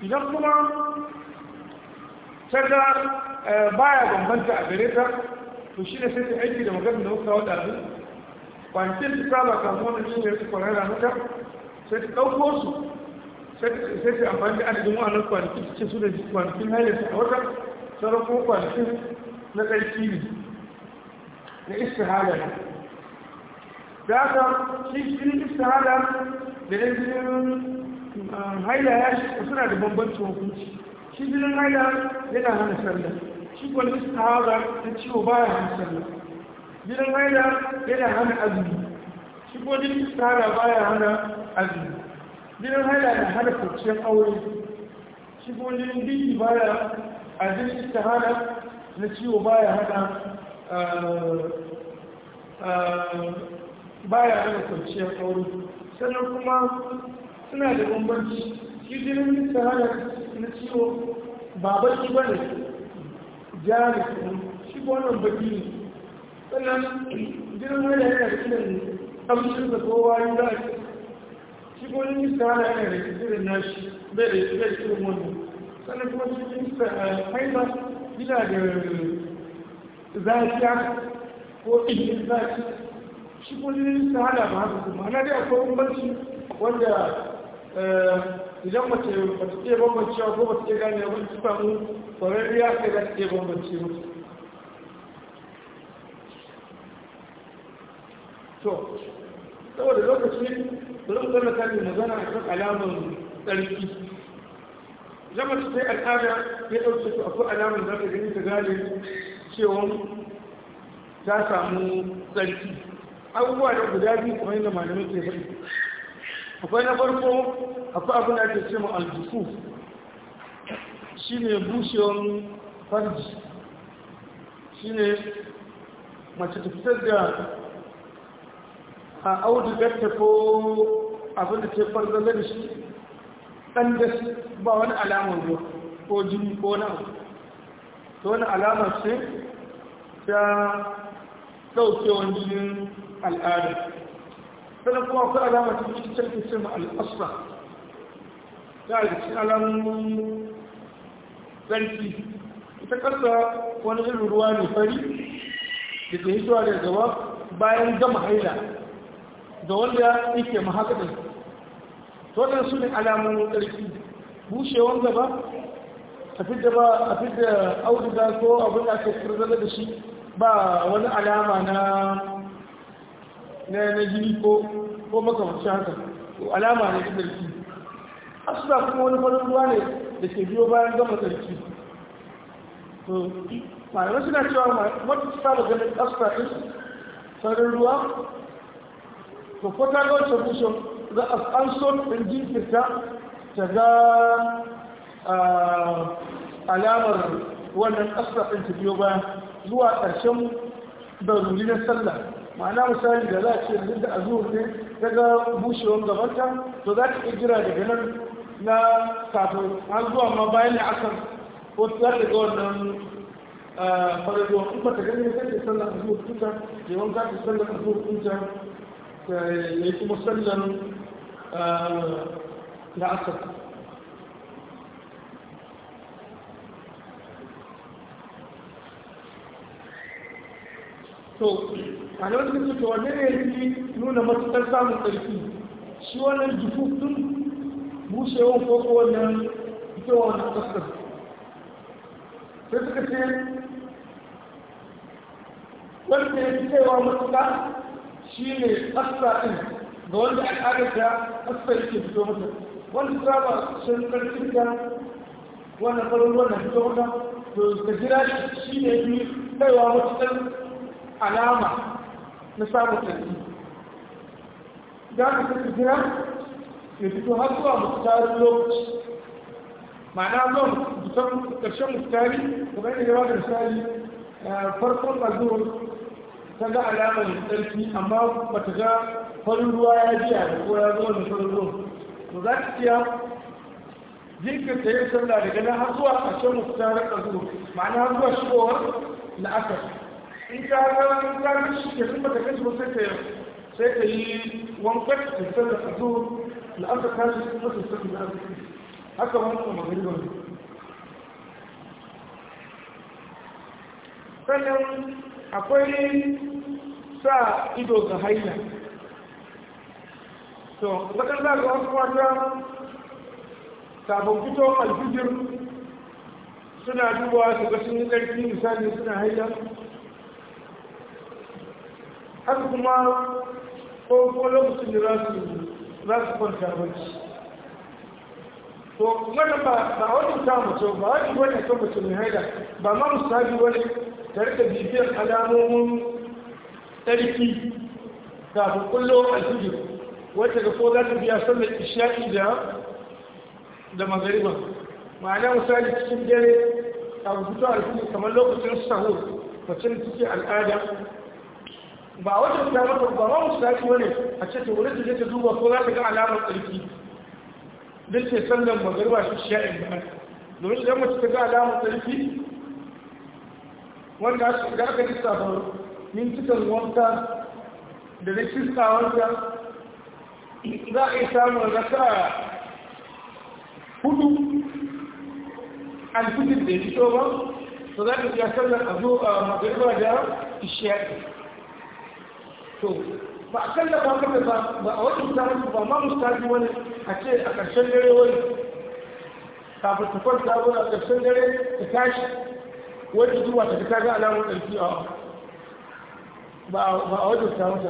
[SPEAKER 2] idan kuma ta ga eh, baya bambanta a gare ta to shi ne sai aiki da magana da muka wada abin kwanakin su saba kamar wani shi ne su kwarara mata sai ta ɗauko su sai ta amfani da adadin wa'annan kwanaki ce su da kwanakin hailarsa a wata sauran ko kwanakin na tsarki ne na istihala ne da aka shi jinin istihala da na jinin um, haila ya shi suna da bambancin hukunci shi jinin haila yana hana sallah shi kwan istihala ta ciwo baya hana sallah jinin haila yana hana azumi shi kwan jinin istihala baya hana azumi jinin haila na hada kwanciyar aure shi ko jinin biki baya a jirgin ta hana na ciwo baya hada ah, ah, baya hana kwanciyar aure sannan kuma suna da bambanci shi jirgin ta hana na ciwo ba baki ba ne jari shi ko baki ne sannan jirgin haila yana da irin ƙamshin da kowa yi za a cikin istihara yana da irin nashi bai da irin wannan sannan kuma cikin haiba yana da zafiya ko ɗin zafi shi kullum istihara ba haka kuma ana dai akwai bambanci wanda idan mace ba ta iya bambancewa ko ba ta iya gane ba ta samu kwararriya sai za ta iya bambance mutu to saboda lokaci bari mu zama mu magana a kan alamar tsarki zama su sai al'ada ya ɗauke su akwai alamar za ka gani ta gane cewa ta samu tsarki abubuwa da guda biyu kuma yadda malamai ke faɗi akwai na farko akwai abin da ake ce ma aljufu shi ne bushewar farji shine mace ta fitar da a ta ko abin da ke farzan da shi ɗan da ba wani alamar zuwa ko jini ko na abu to wani alamar ce ta ɗaukewar jinin al'ada sannan kuma akwai alamar ta cikin cikin cin al'asra ta da cikin alamun zarki ita karsa wani irin ruwa mai fari da ke hitowa daga gaba bayan gama haila ga wanda yake mahakadin wannan su ne alamun tsarki bushewan gaba a fidda ba a fidda auduga ko abin da ake tsirgala da shi ba wani alama na na jini ko ko makamancin haka alama ne na tsarki asusa kuma wani farin ruwa ne da ke biyo bayan gama ƙarfi malamai suna cewa wata sa da ganin asusa ɗin farin ruwa to portugal solution za a an so in jinkirta ta ga alamar wannan asar ɗin ta biyo zuwa ƙarshen daruri na sallah ma'ana misali da za a ce duk da azuhur ne ta ga bushewar gabanta to za ta iya jira daga nan na kafin an zuwa ma bayan na asar ko ta ga wannan farajiyar in ba ta gani sai ta sallah azuhur ɗinta ke za ta sallah zuwa ɗinta فيكون مسلم لعسل to a nan suka ce wanne ne yake nuna matuƙar samun ƙarfi shi wannan jifufin bushewar ko ko wannan fitowar wani ƙasar sai suka ce wanda ya fi kaiwa matuƙa shi ne tsafta ɗin ga wanda al'adarta tsafta yake fito mata wanda saba shan ƙarfin da, wannan farin wannan fito mata to ka jira shi ne fi kaiwa matuƙar alama na samun ƙarfi da ka ka jira ya fito har zuwa mutarin lokaci ma'ana zuwa mutan ƙarshen mutari kamar yadda ya wata misali eh, farkon azuwar ta ga alamar tsarki amma ba ta ga farin ruwa ya biya da ko ya zuwa da farin ruwa to za ta ciya jirgin ta yi sallah daga nan har zuwa ƙarshen muftarar ƙazu ma'ana har zuwa shigowar la'asar in ta ga in ka ga shi ke sun bata kashi sai ta sai ta yi wankan ta sallah ƙazu la'asar ta shi kuma ta da la'asar haka wannan ba ne sannan akwai sa ido ga haila to zakar za ga wasu wata sabon fito alfijir suna dubawa su ga sun yi ƙarfi misali suna haila haka kuma ko ko lokacin da za su za su kwanta bacci to wannan ba ba wani ta mace ba wani wani ta mace mai haila ba ma musabi wani ta rika bibiyar alamomin tsarki kafin kullo alfijir wacce ga ko za ta biya sallar isha'i da da magariba ma'ana misali cikin dare kafin fito alfijir kamar lokacin sahur mutum cikin al'ada ba wata ta maka ba ma tafi wani a ce ta wurin ta ta duba ko za ta ga alamar tsarki duk ce sallar magariba shi sha'in ba domin idan mace ta ga alamar tsarki wanda aka ba lissafa cikin wanka da na kistawarsa za a yi samun raka hudu alfitin da ya ba to za a iya sallar a zo a magariba da ishiyaki to ba a kallafa da ba ba a wajen samun ba ma mustaji wani a ce a ƙarshen dare wani kafin ta kwanta wani a ƙarshen dare ta tashi Wani zuwa ta ta ga alamun ɗarki a ba a wajen ta mata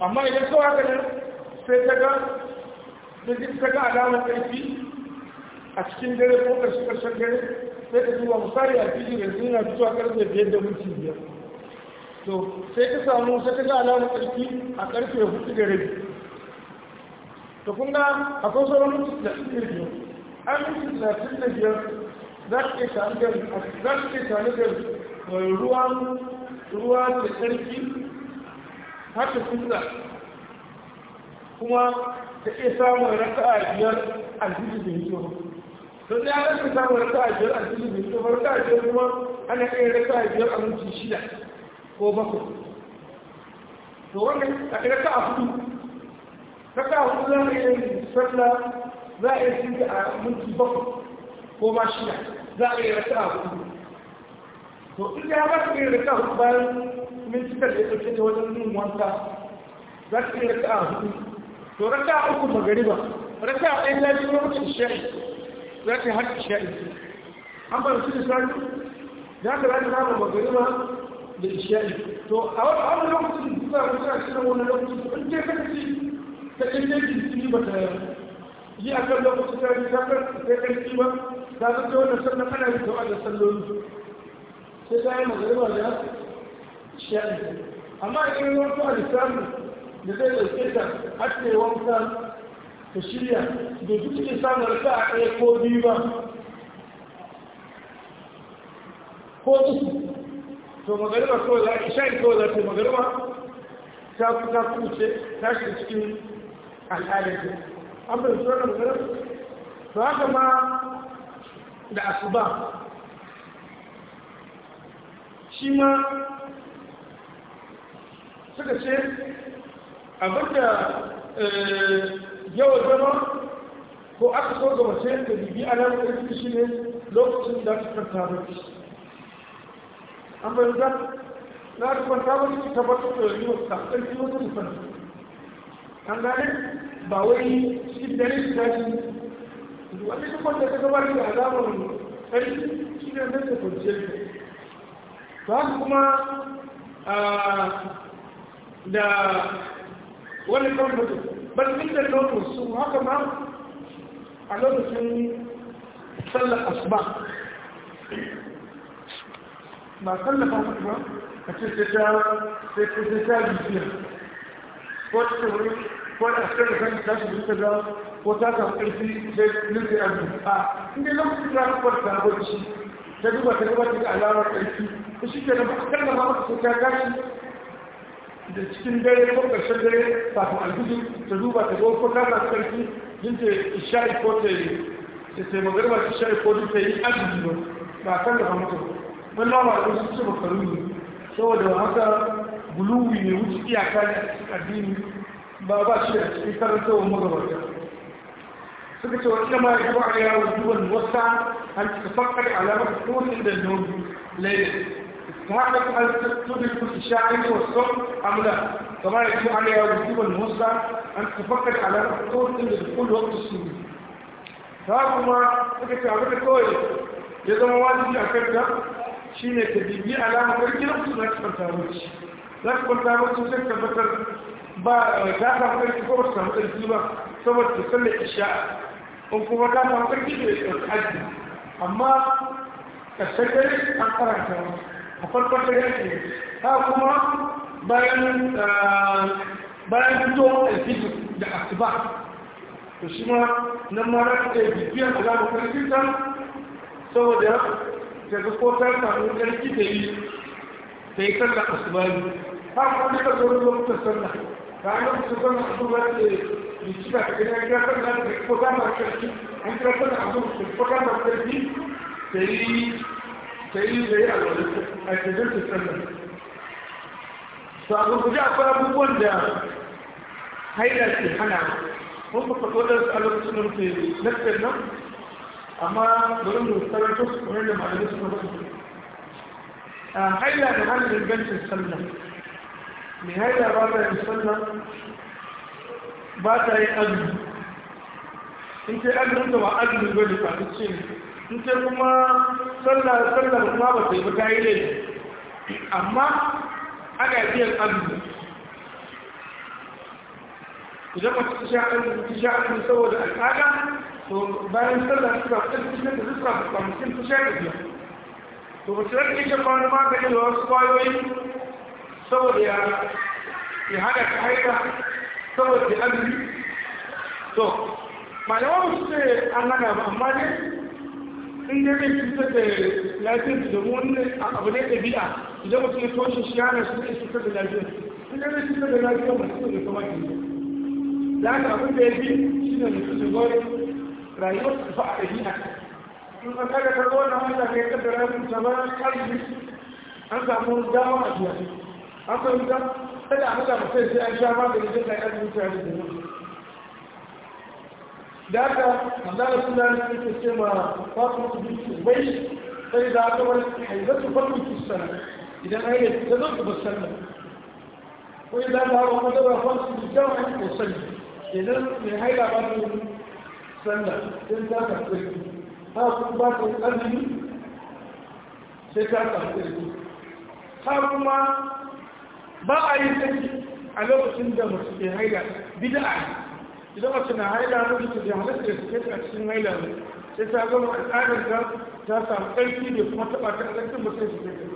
[SPEAKER 2] amma idan kawai haka nan sai ta ga da ta ga alamun ɗarki a cikin dare ko ƙarshe ƙarshen dare sai ta zuwa musari a fiji da suna fitowa ƙarfe biyar da minti biyar to sai ta samu sai ta ga alamun ɗarki a ƙarfe hudu da rabi to kun a kwasarar sauran da sun an minti da sun da biyar za ka iya sami da da ruwa da sarki har da sunna kuma ta iya samun a biyar aljihu da hito don ya rasa samun a biyar aljihu da hito a biyar kuma ana iya a biyar a shida ko bakwai to wannan a raka'a hudu a hudu za a iya sallah za a iya sinta a minti bakwai ko ba shi da za a iya rasa a hudu to in ya ba su iya rasa a hudu bayan mintikar da ya ɗauke ta wajen nun wanka za su iya rasa a hudu to rasa a uku ba. rasa a ɗaya lafi lokacin sha'i za ta har isha'i an ba su da za ta ba samu ba da isha'i to a wani lokacin da za a rasa wani lokacin in je ka ci ta ɗaya lafi ba ta yi a lokacin da ta kan ta ƙarfi ba ta zato wannan sannan ana yin tawa da salloli sai ta yi magariba da shaɗi amma in yi wanka a lissafi da zai ɗauke ta har ta yi wanka ta shirya da duk cikin samun rasa a ɗaya ko biyu ba ko uku to magariba kawai za a shaɗi kawai za ta yi magariba ta ta kuce ta shiga cikin al'adar an bai tsoron magana to haka ma da asuba shi ma suka ce abinda eh, yawan zama ko aka so ga mace da bibi da ƙarfi shi ne lokacin da su kwanta barci an bayan za na su kanta barci ta bata da yi wasu ƙarfi wasu musamman an gane ba wai shi dare shi tashi wanda duk wanda ka gabar da alamar sarki shi ne zai ta kwanciyar ka to haka kuma da wani kan mutum ban inda lokacin su haka ma a lokacin sallar asuba ba sallar fasu ba a cikin ta sai ta ta bishiyar ko ta wuri ko da tashi duka da ko ta samu ƙarfi sai nufi a zuwa inda lokacin da ta kwanta bacci ta duba ta ta ko shi ke da ta gashi da cikin dare ko dare kafin alhudu ta duba ta ko ta ta ko ta yi ta ce magarba ta ko ta yi azumi ba ba kan da ma wani a wasu ne saboda haka buluwi ne wuce iyaka ne a cikin addini ba ba shi da cikin karantarwar magabata suka ce wata ma ya ba ya wujuban wasa an cika fakar alamar kotun da nobu laifin ta haka ta altuttubi kusa sha'in wasu amla kama ya ce an ya wujuban wasa an cika fakar alamar kotun da kudu wata su ta kuma suka ce abin da kawai ya zama wajibi a kanta shi ne ta bibi alamar kirkirar su na cikin taruci za ka kwanta mutu sai tabbatar ba ta samu ƙarfi ko ba samu ƙarfi ba saboda ta sallar isha in kuma ta samu ƙarfi da ya ɗauki hajji amma ƙarshen dare an karanta a farkon dare ake ta kuma bayan ah, bayan fito alfijir da asuba to shi ma nan ma za ta iya bibiyar da za ƙarfi ta saboda ta ga ko ta samu ƙarfi da yi ta yi sallar asuba ne ta kuma ta zo da lokacin sallar കാരണം സുഖം അസുഖത്തിൽ നിശ്ചിത കിടക്കാൻ റിപ്പോർട്ടാൻ മത്സരിച്ച് അതിനകത്ത് അതും റിപ്പോർട്ടാൻ മത്സരിച്ച് ചെയ്യുകയാണ് a cikin sistem ɗin sabon guji akwai abubuwan da haida ke hana mun ba faɗo da a lokacin da muke lakcin nan amma bari mu karanto su kamar da malamai suka faɗi haida da hana ingancin sallah mai haila ba ta yi sallah ba ta yi azumi in ce azumin da ba azumin ba ne faɗi ce in ce kuma sallah ba kuma ba ta yi ba ta yi laifi amma ana biyan azumi idan mace ta sha azumi sha azumi saboda to bayan sallah da suka to ba su da wasu kwayoyi saboda ya ya hada ka haika saboda ya azumi to malawa ba su ce an hana ba amma ne in dai zai cutar da lafiyar da wani abu ne ɗabi'a idan mutum ya toshe shi yana su ne cutar da lafiyar in dai zai cutar da lafiyar mutum ne kuma ke da haka abin da ya bi shi ne mutum su gore rayuwar su fa'a ɗabi'a in an kada karɓar wannan wanda ka yi kaddara mutum ba ƙarfi an samu dawa a an fahimta kada a mutum sai an sha magani zai kai azumi da da haka manzana suna ne suke ce ma fatima su bai sai da aka wani haizatu farko ki idan an yi ta zo ku ba sallah ko idan ba wa kuma ba fa su ji jawo an ko sallah idan mai haila ba ta sallah sai ta ka tsirki ha ku ba ta yi sai ta ka ha kuma ba a yi saki a lokacin da masu ke haila bid'a ne idan mace na haila lokacin da halatta da suke a cikin haila ne sai ta a al'adar ta ta samu ƙarfi ne kuma taɓa ta ƙarfin ba sai su ke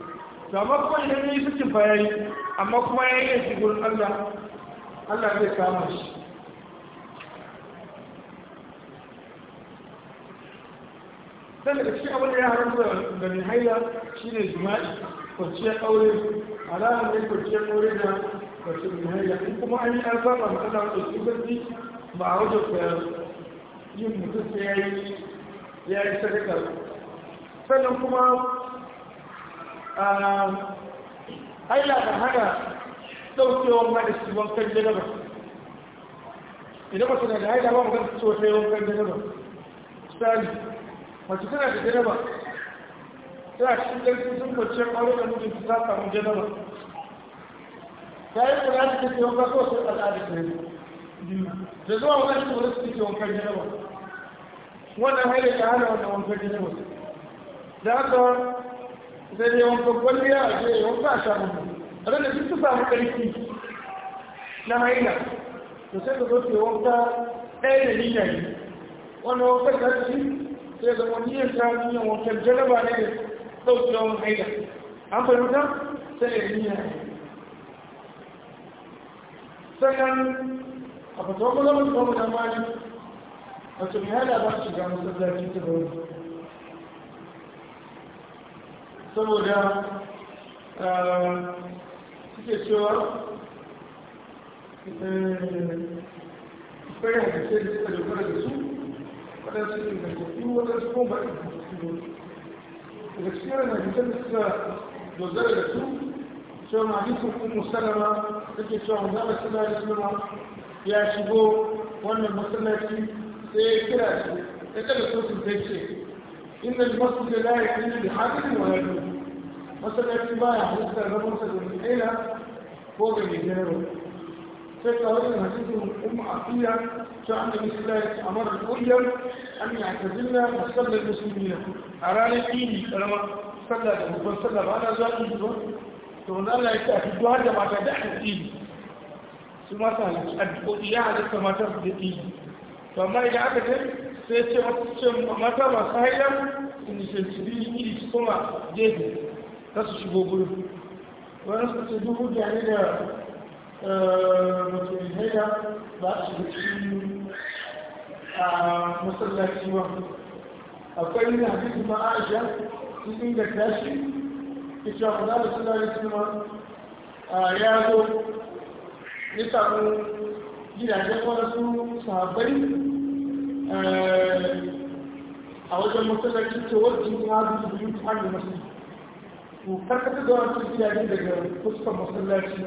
[SPEAKER 2] to amma kuma idan ya yi sukin ba ya yi amma kuma ya yi yanki gurin Allah Allah zai kama shi sai da cikin abin da ya haramta da mai haila shine jima'i kwanciyar aure alamun ne kwanciyar more da wasu muhayya in kuma an yi an saba matsala da shugabanci ba a wajen koyar yin mutum sai ya yi ya yi sadaka sannan kuma a Allah da hana ɗaukewar ma da shi wankan janaba idan mace na da haida ba mu kan cewa sai wankan janaba misali mace tana da janaba ta cikin ƙarfi sun kwace ƙwarar da mijin ta samu janaba ta yi kula da take wanka ko sai ɗan ta yi da zuwa wani shi wani su take wankan janaba wannan haile ta hana wannan wankan janaba da haka zai ne wankan kwalliya a je wanka a sha mutum a da duk ta samu ƙarfi na haila to sai ka zo ke wanka ɗaya da niyya ne wannan wankan ta ci sai zama niyyar ta niyyar wankan janaba ne ɗauki rawan haila an fahimta sai ya yi sannan a fasuwa kuma zama kuma da mali a su mai hada ba su shiga masallaci ta bari saboda suke cewa kwaye da sai da suka dogara da su waɗansu ingantattu waɗansu kuma ba ingantattu gaskiyar na fitar da suka dogara da su cewa na hadisin musalama, salama take cewa manzo Allah sallallahu alaihi wasallam ya shigo wannan masallaci sai ya kira shi ya kada so su sai ce inna al-masjid la yakunu bi hadin wa la masallaci baya halittar rabon sa da ko ga gidan sai ka wani hadisin umma a afiya ta annabi sallallahu alaihi wasallam amara kullum an yi musallal muslimina a da A ranar idi karama sallah da babban sallah ba na zaɓi idi ba to wanda Allah ya ce a fito har da mata da aka idi su ma sa halarci addu'o'i ya halarta mata da idi to amma idan aka ce sai ce mata masu haila su nishanciri idi su kuma gefe ta su shigo gurin wani su ce dubu jami'a mutum zaida ba a shiga cikin a masallaci ba akwai yin hadisi ma aisha sun inganta shi ita kuma da suna da kuma ya zo ya samu gidajen wasu sahabbai a wajen masallaci ta wajen ya zo da biyu ta hanyar masu ku karkata da wasu gidajen daga fuskar masallaci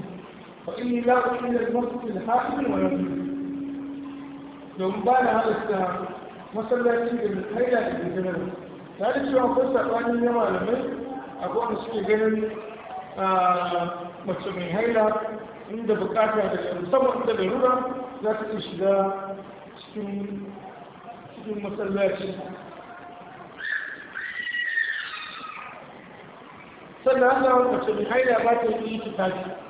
[SPEAKER 2] فإني لا أحل الموت في الحاكم ويظلم لو مبالا هذا السلام ما صلى يجب أن تحيلا في الجنة هذا الشيء هو قصة أقواني اليوم على من أقوى نسكي جنن مصومي هيلا عند بقاتي هذا الشيء صبع عند بيرونا لا تقلش لا سكين سكين ما صلى يجب صلى الله عليه وسلم هيلا باتي يجب تاجي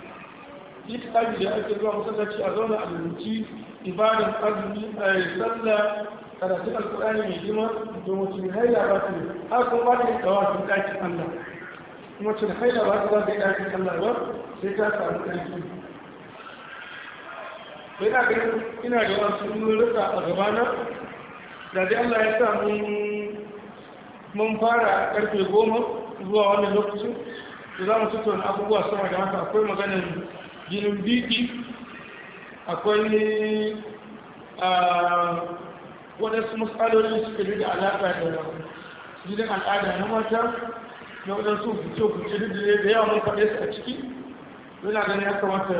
[SPEAKER 2] littafi da ake zuwa masallaci a zauna a rubuci ibadan azumi a yi sallah karatun alkurani mai girma da mutum haila ba su ne har kuma ba ta yi kawa sun ɗakin allah mutum haila ba su za ta yi ɗakin allah ba sai ta samu ƙarfi sai na ganin ina da wasu rika a gabana da dai allah ya sa mun fara karfe goma zuwa wannan lokacin da za mu tattauna abubuwa sama da haka akwai maganar gilimbiki akwai waɗansu matsalolin suka da alaƙa da jinin al'ada na mata na waɗansu fice-fice da da yawa mun faɗe su a ciki yana ganin ya kamata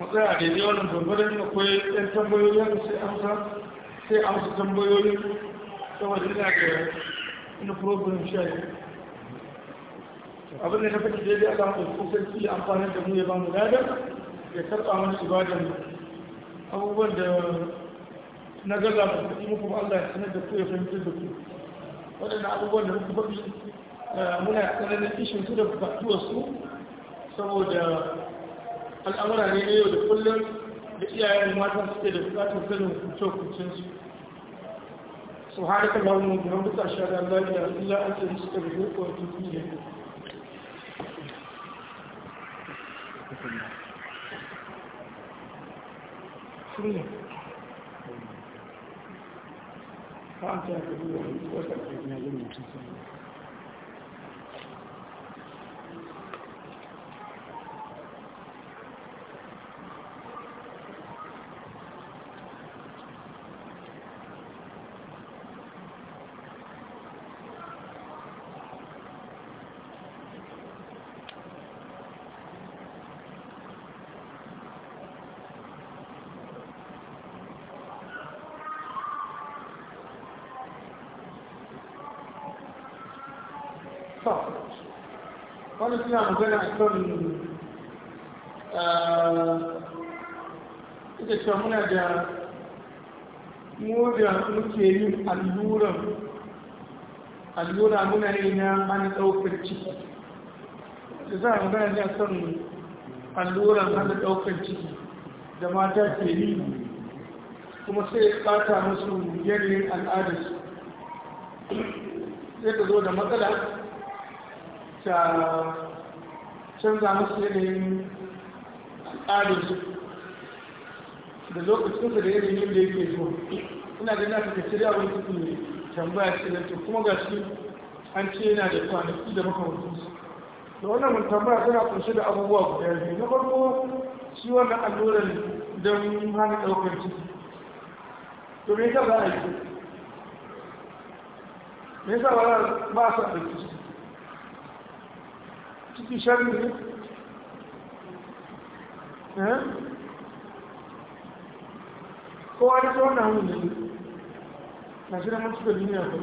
[SPEAKER 2] matsaya a daidai wannan dogarin akwai ɗan tambayoyi haka sai amsa sai amsa tambayoyi saboda yana da wani program shi abin da na faɗi daidai Allah mu ɗauki sarki ya amfani da mu ya ba mu ladar ya karɓa mana ibadar mu abubuwan da na gaza mu faɗi muku ba Allah ya sanar da ku ya fahimtar da ku waɗannan abubuwan da muka faɗi eh, muna tsananin kishin su da bukatuwar su saboda al'amura ne na yau da kullum da iyayen mata suke da bukatar sanin hukunce-hukuncen su سبحانك اللهم وبحمدك اشهد ان لا اله الا انت نستغفرك ونتوب اليك
[SPEAKER 1] Bismillah. Sunnah. Fa'anta ya fi zuwa malamai suna magana a kan
[SPEAKER 2] ita ah, cewa muna da mu muke yin alluran allura muna yi na ana ɗaukar ciki da za a magana ne a kan alluran ana ɗaukar ciki da mata ke yi kuma sai ya masu musu yanayin al'adarsu Zai ka zo da matsala ta canza musu yanayin al'adarsu da lokacin lokacinsu da yanayin da yake zuwa ina da na kaka shirya wani cikin tambaya ce na to kuma gashi an ce yana da kwanaki da makamantansu da wannan mun tambaya tana kunshe da abubuwa guda biyu na farko shi wannan alluran don hana ɗaukar ciki to me yasa za a yi me yasa ba a sa ɗauki ciki cikin sharri ne kowa da kowa na hannun na shi da mun cika duniya ko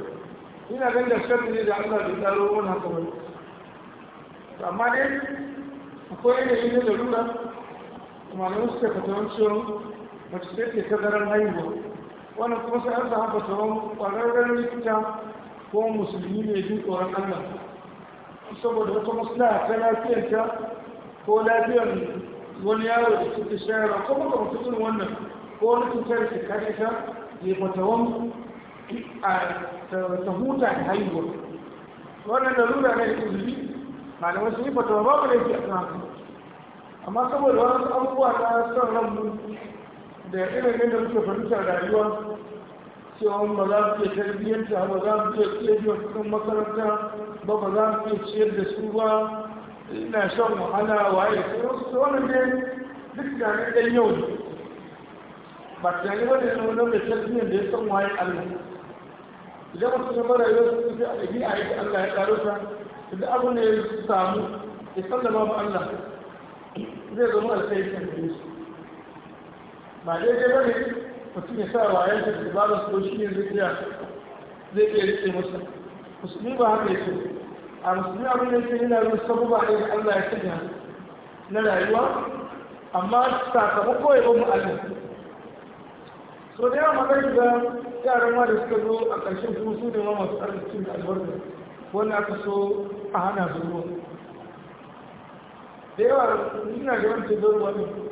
[SPEAKER 2] ina ganin da sharri ne da allah bai tsaro wani haka wani amma dai akwai yanayi na lura malamin suka fatawan ciwon mace sai ke tazarar haihuwa wannan kuma sai an sahaba sauran kwararren likita ko musulmi ne jin tsoron allah saboda wata maslaha ta lafiyarta ko lafiyar wani yaro da suke shayarwa ko maka irin wannan ko wani cutar da kare ta ya fatawan ta huta da haihuwa wannan da lura na yake zubi da wasu yi fatawa babu da yake a kan amma saboda wani abubuwa ta son ranmu da irin yadda muke fahimtar rayuwa cewa ba za su iya tarbiyyanta ba za ciyar da su ba ina wani ne duk da ne ɗan yau ne ba tunani wani ne wani mai tarbiyyar da ya san allah idan mutum ya mara yau su fi a allah ya ƙaro ta idan abu ne ya samu ya sallama ma allah zai zama alkhairi kan su ba daidai ba ne mutum ya sa wayan da ba su shi ne zai iya zai iya rike masa musulmi ba haka yake a musulmi abin da yake yana yin sabuwa ne da Allah ya sanya na rayuwa amma sakamako ya ba mu Allah so da yawan magana da yaran ma da suka zo a ƙarshen kuma su ne ma masu arzikin da albarka wanda aka so a hana zuwa da yawa ina da wani zo ruwa ne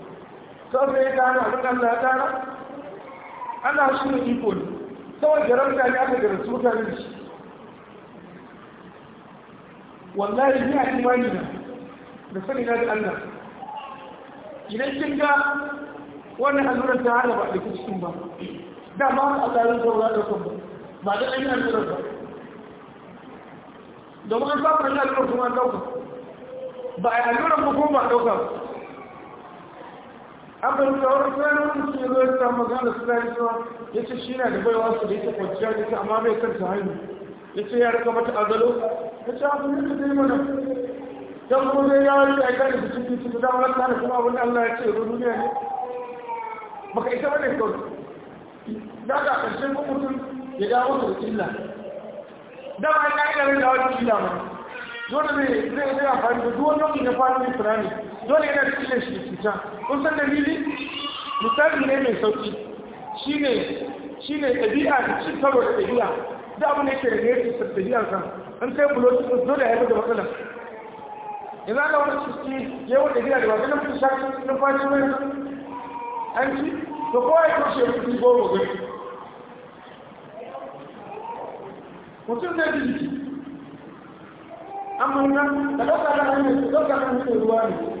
[SPEAKER 2] sau sai ya tana abin Allah ya tana ana shi ne iko ne saboda jarabta ne su mutane da shi ni a imani na sani na da Allah allurar ta ba cikin ba da ba da kan ba ba da ɗan ba domin an ɗan kuma ɗauka ba a kuma ɗauka ba abin da wani ranar mutum ya zo ya samu magana su zai su ya ce shi na da bai su da yake kwanciya da ta amma bai kanta hannu ya ce ya rika mata azalo ya ce abin da zai mana don kuma zai yawa yi aika da cikin su da damar ta da kuma abin da Allah ya ce zo duniya ne baka ita bane kawai da mutum ya dawo da illa da da wani illa ma zo da zai zai amfani da duwannan fara dole yana da cikin shi cuta kun san dalili misali ne mai sauki shine shine ɗabi'a da ci karo da tabi'a da abu ne ke da ne su tabi'a kan an sai bulotu sun dole ya da matsala idan ana wani cikin yawan ɗabi'a da ba ganin mutum shafi numfashi wani an ci to kowa ya kushe mutum goma gari mutum na biyu amma yana da ɗauka kan hanyar ɗauka kan hanyar ruwa ne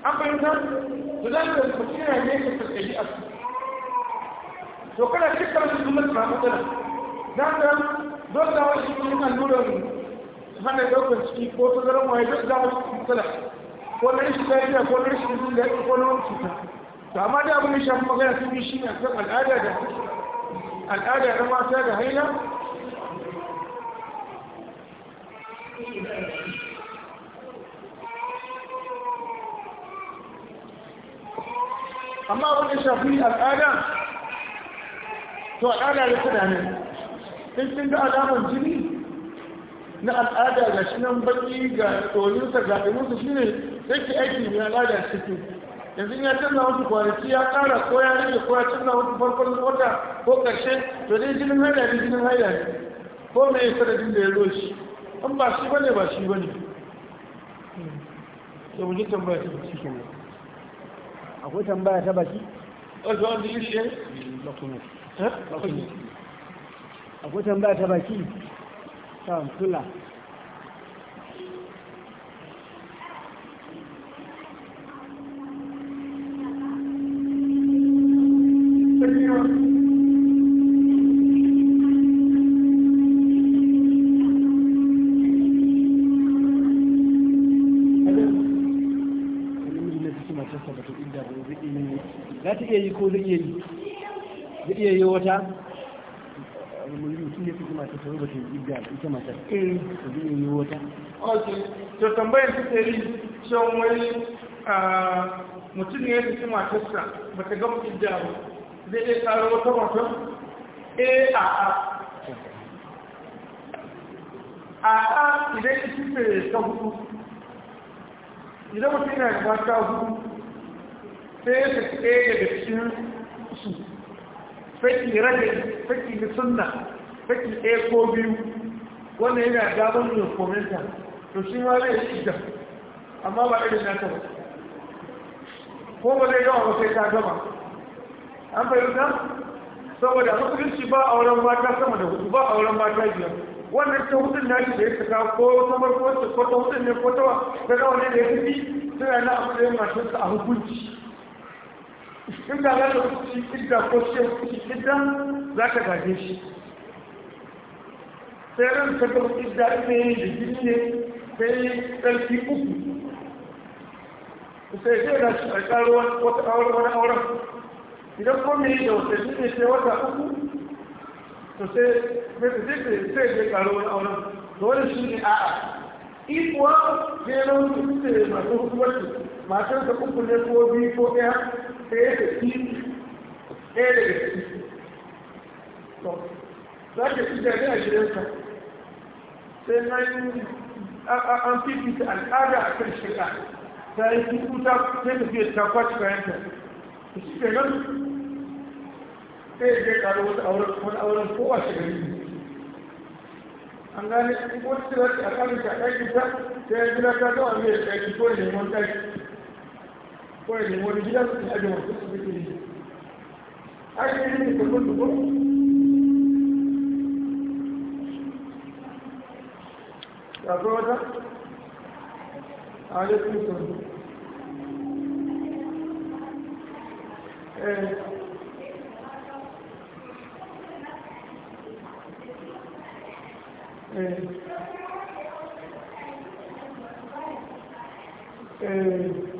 [SPEAKER 2] an fahimta to za da mutum yana yi ta tsarkaki a su to kana cikin su kuma na matsala za ka don da wasu cikin alluran hana daukar ciki ko ta zaran waye don za wasu cikin matsala ko na rashin lafiya ko na rashin jin daɗi ko na wani cuta to amma da abin da shafi magana sun yi shi ne kan al'ada da al'ada na mata da haila Thank you. amma abin da shafi al'ada to al'ada da kuda dane in sun ga alamar jini na al'ada ga shi nan baki ga tsoninsa ga ɗinsa shi ne yake aiki mai al'ada ciki yanzu ya canza wasu kwanaki ya ƙara ko ya rage ko ya canza wasu farkon wata ko ƙarshe to dai jinin haila ne jinin haila ne ko mai sanadin da ya zo shi an ba shi bane ba shi bane to mu ji tambaya ta cikin
[SPEAKER 1] akwai tambaya ta baki akwai tambaya ta baki ta kula wata mutum ya fi ta ita ta yi wata
[SPEAKER 2] ok to tambayar ta tsari shan wani mutum ya fi matarsa ba ta gama idda ba zai iya tsara wata mata eh a a a idan isi ce ta hudu idan mutum da hudu sai ya fi ɗaya daga cikin saki rage saki na sunna saki ɗaya ko biyu wannan yana damar yin komenta to shi ma zai shi da amma ba irin na ba ko ba zai gama ba sai ta gama an bai fahimta saboda shi ba auren mata sama da hudu ba auren mata biyar wannan ta hudun na da ya saka ko ta marko ko ta hudun ne ko ta wa ta gawa ne da ya fi suna na abu da ya masu a hukunci in da za ka kuci idda ko ce idda za ka gaje shi sai ran ka ga idda ita yi da jini ne sai ɗarfi uku sai zai da shi a ƙaro wata auren wani auren idan ko mai da wata jini sai wata uku to sai zai zai sai zai ƙaro wani auren da wani shi ne a'a ikuwa zai rauni su ne masu hukumarci masu uku ne ko biyu ko ɗaya sai ya tafi ɗaya daga ciki za ka fi jari a gidansa sai na yi an fifita al'ada a kan shirka ta yi kuku ta sai tafiya ta kwaci bayanta ta shi kenan sai zai ƙaro wata auren wani auren kowa ne an gane wata shirar a ƙarin ta ɗakin ta ta yi gida ta zama mai ɗaki ko neman ɗaki kweli walijilia kutuhaji mafuta vitu hivi akili ni kukundu kukundu tazota alaikum salam
[SPEAKER 3] eh eh eh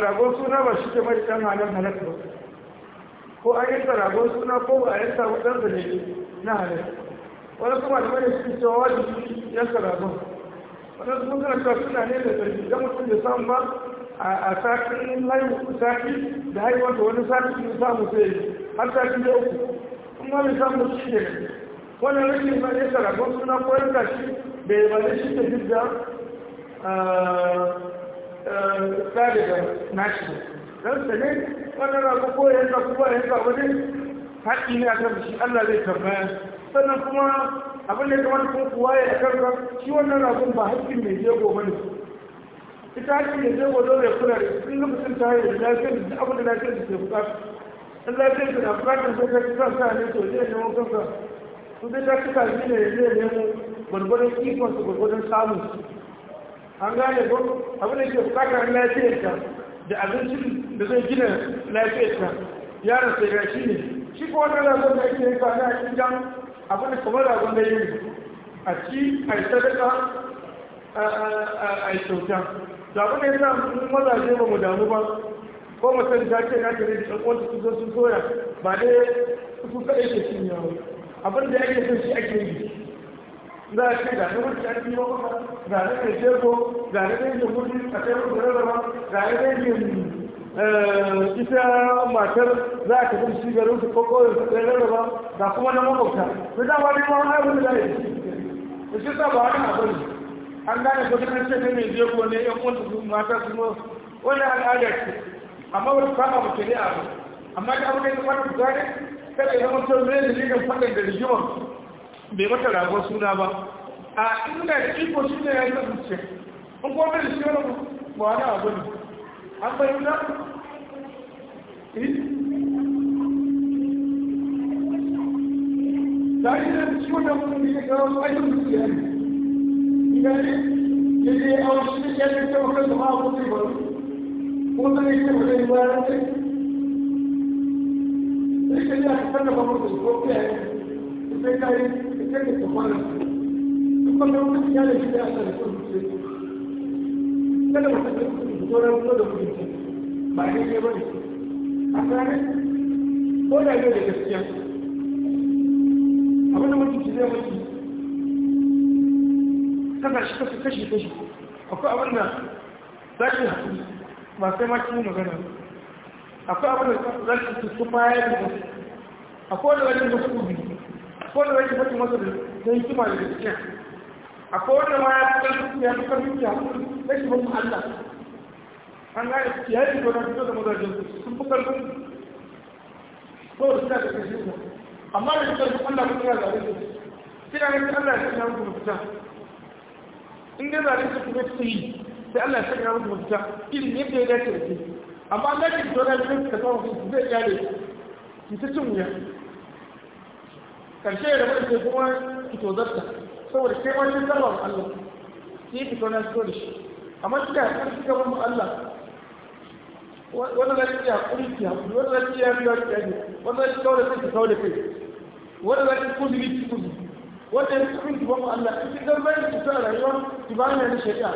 [SPEAKER 2] ragon suna ba shi ke mai ɗan halar halatta ba ko a yi ta ragon suna ko a yi ta wutar da ne na halatta wani kuma da mai suke cewa wajibi ya ta ragon wani kuma suna cewa suna ne da zargi don mutum da samun ba a sakin haihu saki da haihuwar da wani sati sun samu sai har sati da uku kuma mai samu shi ne wani rashin ba ya ta ragon suna ko yanka shi bai ba ne shi ke duk ɗaliban nashi don su ne wannan rago ko ya kuma ya a wani haƙi ne a kan shi Allah zai tambaya sannan kuma abin da kamar kuma kuwa ya karka shi wannan ragon ba haƙƙin mai jego ba ne ita haƙƙin mai jego dole ya kula da in lokacin ta hanyar lafiyar da abin da lafiyar da ke bukata in lafiyar da na bukatar sai ka ci sa sa ne to zai nemo kansa ta ci kaji ne zai nemo gwargwadon ikonsa gwargwadon samun an gane ko abin da ke bukatar lafiyarka da abincin da zai gina lafiyarka yaron sai gashi ne shi ko wani ragon da ake yanka na jan abin da kamar ragon da yi a ci a yi sadaka a yi kyauta da abin da ya sa mun mazaje ba mu damu ba ko mutum ta ce na ta ne da ɗan su zo sun soya ba dai su kaɗai ke cin yawo abin da ya ake sun shi ake yi za a ce ga na wani ake yi wa ga na mai jego ga ne mutu a kai mutu ga eh, ita matar za a tafi shi garin su ko su ɗaya ga kuma na su dama ma wani abin da ya yi shi sa ba wani an gane ko kuma ce ne ne ya su mata su ma wani al'ada ce amma wani kama ne abu amma da abu ne su gane kada ya zama ne da rigimar bai wata rago suna ba a inda da iko shi ne ya yi zuciya in kuma shi wani wani abu ne an eh? da da shi wani mutum ne ya je a wasu shi ya ce ta wakar da abu zai ko zai yi ya ce da ba ko sai take ta kwana in ba kan kan ya da shi da aka da kudi kada mu tafi ko ran ko da kudi ba ne ne a kare ko da ne da gaskiya abin da mutum zai mutu kada shi kashi kashi kashi akwai abin da za ki haƙuri ba sai ma kin magana akwai abin da za ki tuntun bayan da akwai wani da kuɗi akwai wanda zai faɗi masa da hikima da gaskiya akwai wanda ma ya fitar da ya fitar da ya fitar da Allah an gane ya yi ko na fito da mazajen sun fi karfin ko da suna da kashi uku amma da fitar da Allah kuma ya zaɓe su kina ne Allah ya sanya muku mafita in dai zaɓe su kuma su yi sai Allah ya sanya muku mafita irin yadda ya dace da ke amma Allah ya fito da ya da kawo su zai iyale ki ta cin wuya karshe da rabu ke kuma fito zarta saboda sai wani zama zarwa Allah sai ya fito na fito da shi amma suka haƙuri suka bar mu Allah wanda zai iya haƙuri ki haƙuri wanda zai iya biya ki yaji wanda zai kawo da kai ki kawo da kai wanda zai kuzuri ki kuzuri wanda ya fi ki bar mu Allah in kin zama ki tsara rayuwa ki ba ni shari'a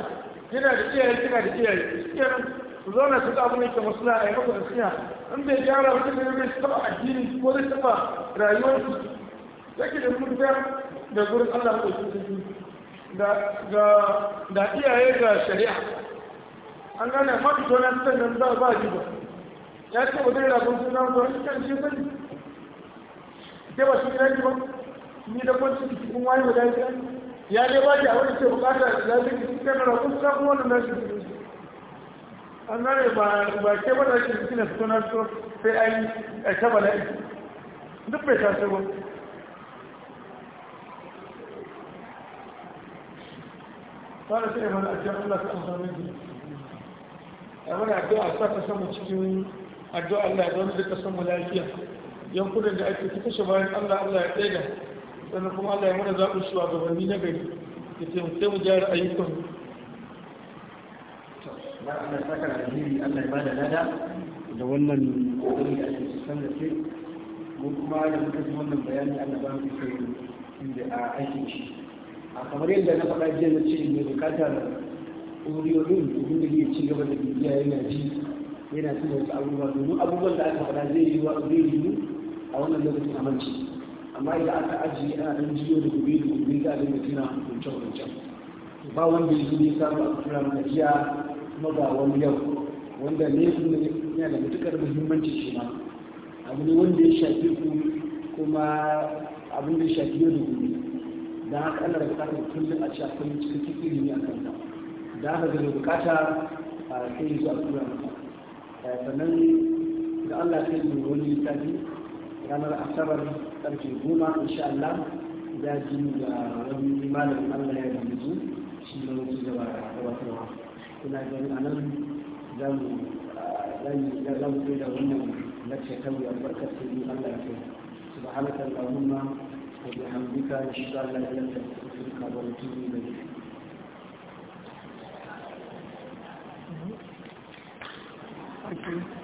[SPEAKER 2] yana da iyaye kina da iyaye iyayen su zauna su ga abin da ke masuna a yi maka da siya in bai gyara wata ne zai taɓa addini ko zai taɓa rayuwar yake da kuta da gurin Allah ko shi da da iyaye ga shari'a an gane ma tona na fitan nan za ba ji ba ya ce ba zai rabon suna ba shi kan shi sani ke ba shi gina ba ni da kwanci cikin wani guda ya ya dai ba ki a wani ce bukata da zai ki kan rabon suna kuma wannan na shi an gane ba ke ba da shi suna fito na fito sai an a ta bala'i duk bai tasiri ba fara sai mana a cikin Allah ka amfani da a mana addu'a sa ka samu cikin addu'a Allah don duka samu lafiya yankunan da ake ta kashe bayan Allah Allah ya tsaida sannan kuma Allah ya mana zaɓin shugabanni na gari ya taimake mu gyara ayyukan
[SPEAKER 1] ba Allah saka da Allah ya bada lada da wannan kokari da ake san da ce mu kuma da muka ji wannan bayani Allah ba mu sai inda a aikin shi a kamar yadda na faɗa jiya na ce mai bukatar uriyoyin domin da ke ci gaba da bibiya yana ji yana cin wasu abubuwa domin abubuwan da aka faɗa zai yi wa zai yi a wannan lokacin aminci amma idan aka ajiye ana ɗan jiyo da gobe da gobe za a dinga tuna wancan wancan ba wanda ya zo ne samu a tura mana jiya kuma ga wani yau wanda ne kuma yana da matuƙar muhimmanci shi ma abu ne wanda ya shafi ku kuma abin da ya shafi yau da gobe da haka Allah da bukatar kullum a cikin kullum cikin cikin ilimi a kanta da haka da bukata a kai zuwa tura mata eh, sannan da Allah sai mu wani littafi ranar asabar karfe goma insha Allah za ji da wani limanin Allah ya rubutu shi ne wani gaba gabatarwa kuna ganin anan za mu za mu da wannan lakshakar ya barkar sai Allah ya kai subhanaka allahumma وبحمدك نشهد ان لا اله الا انت نستغفرك ونتوب اليك Thank you.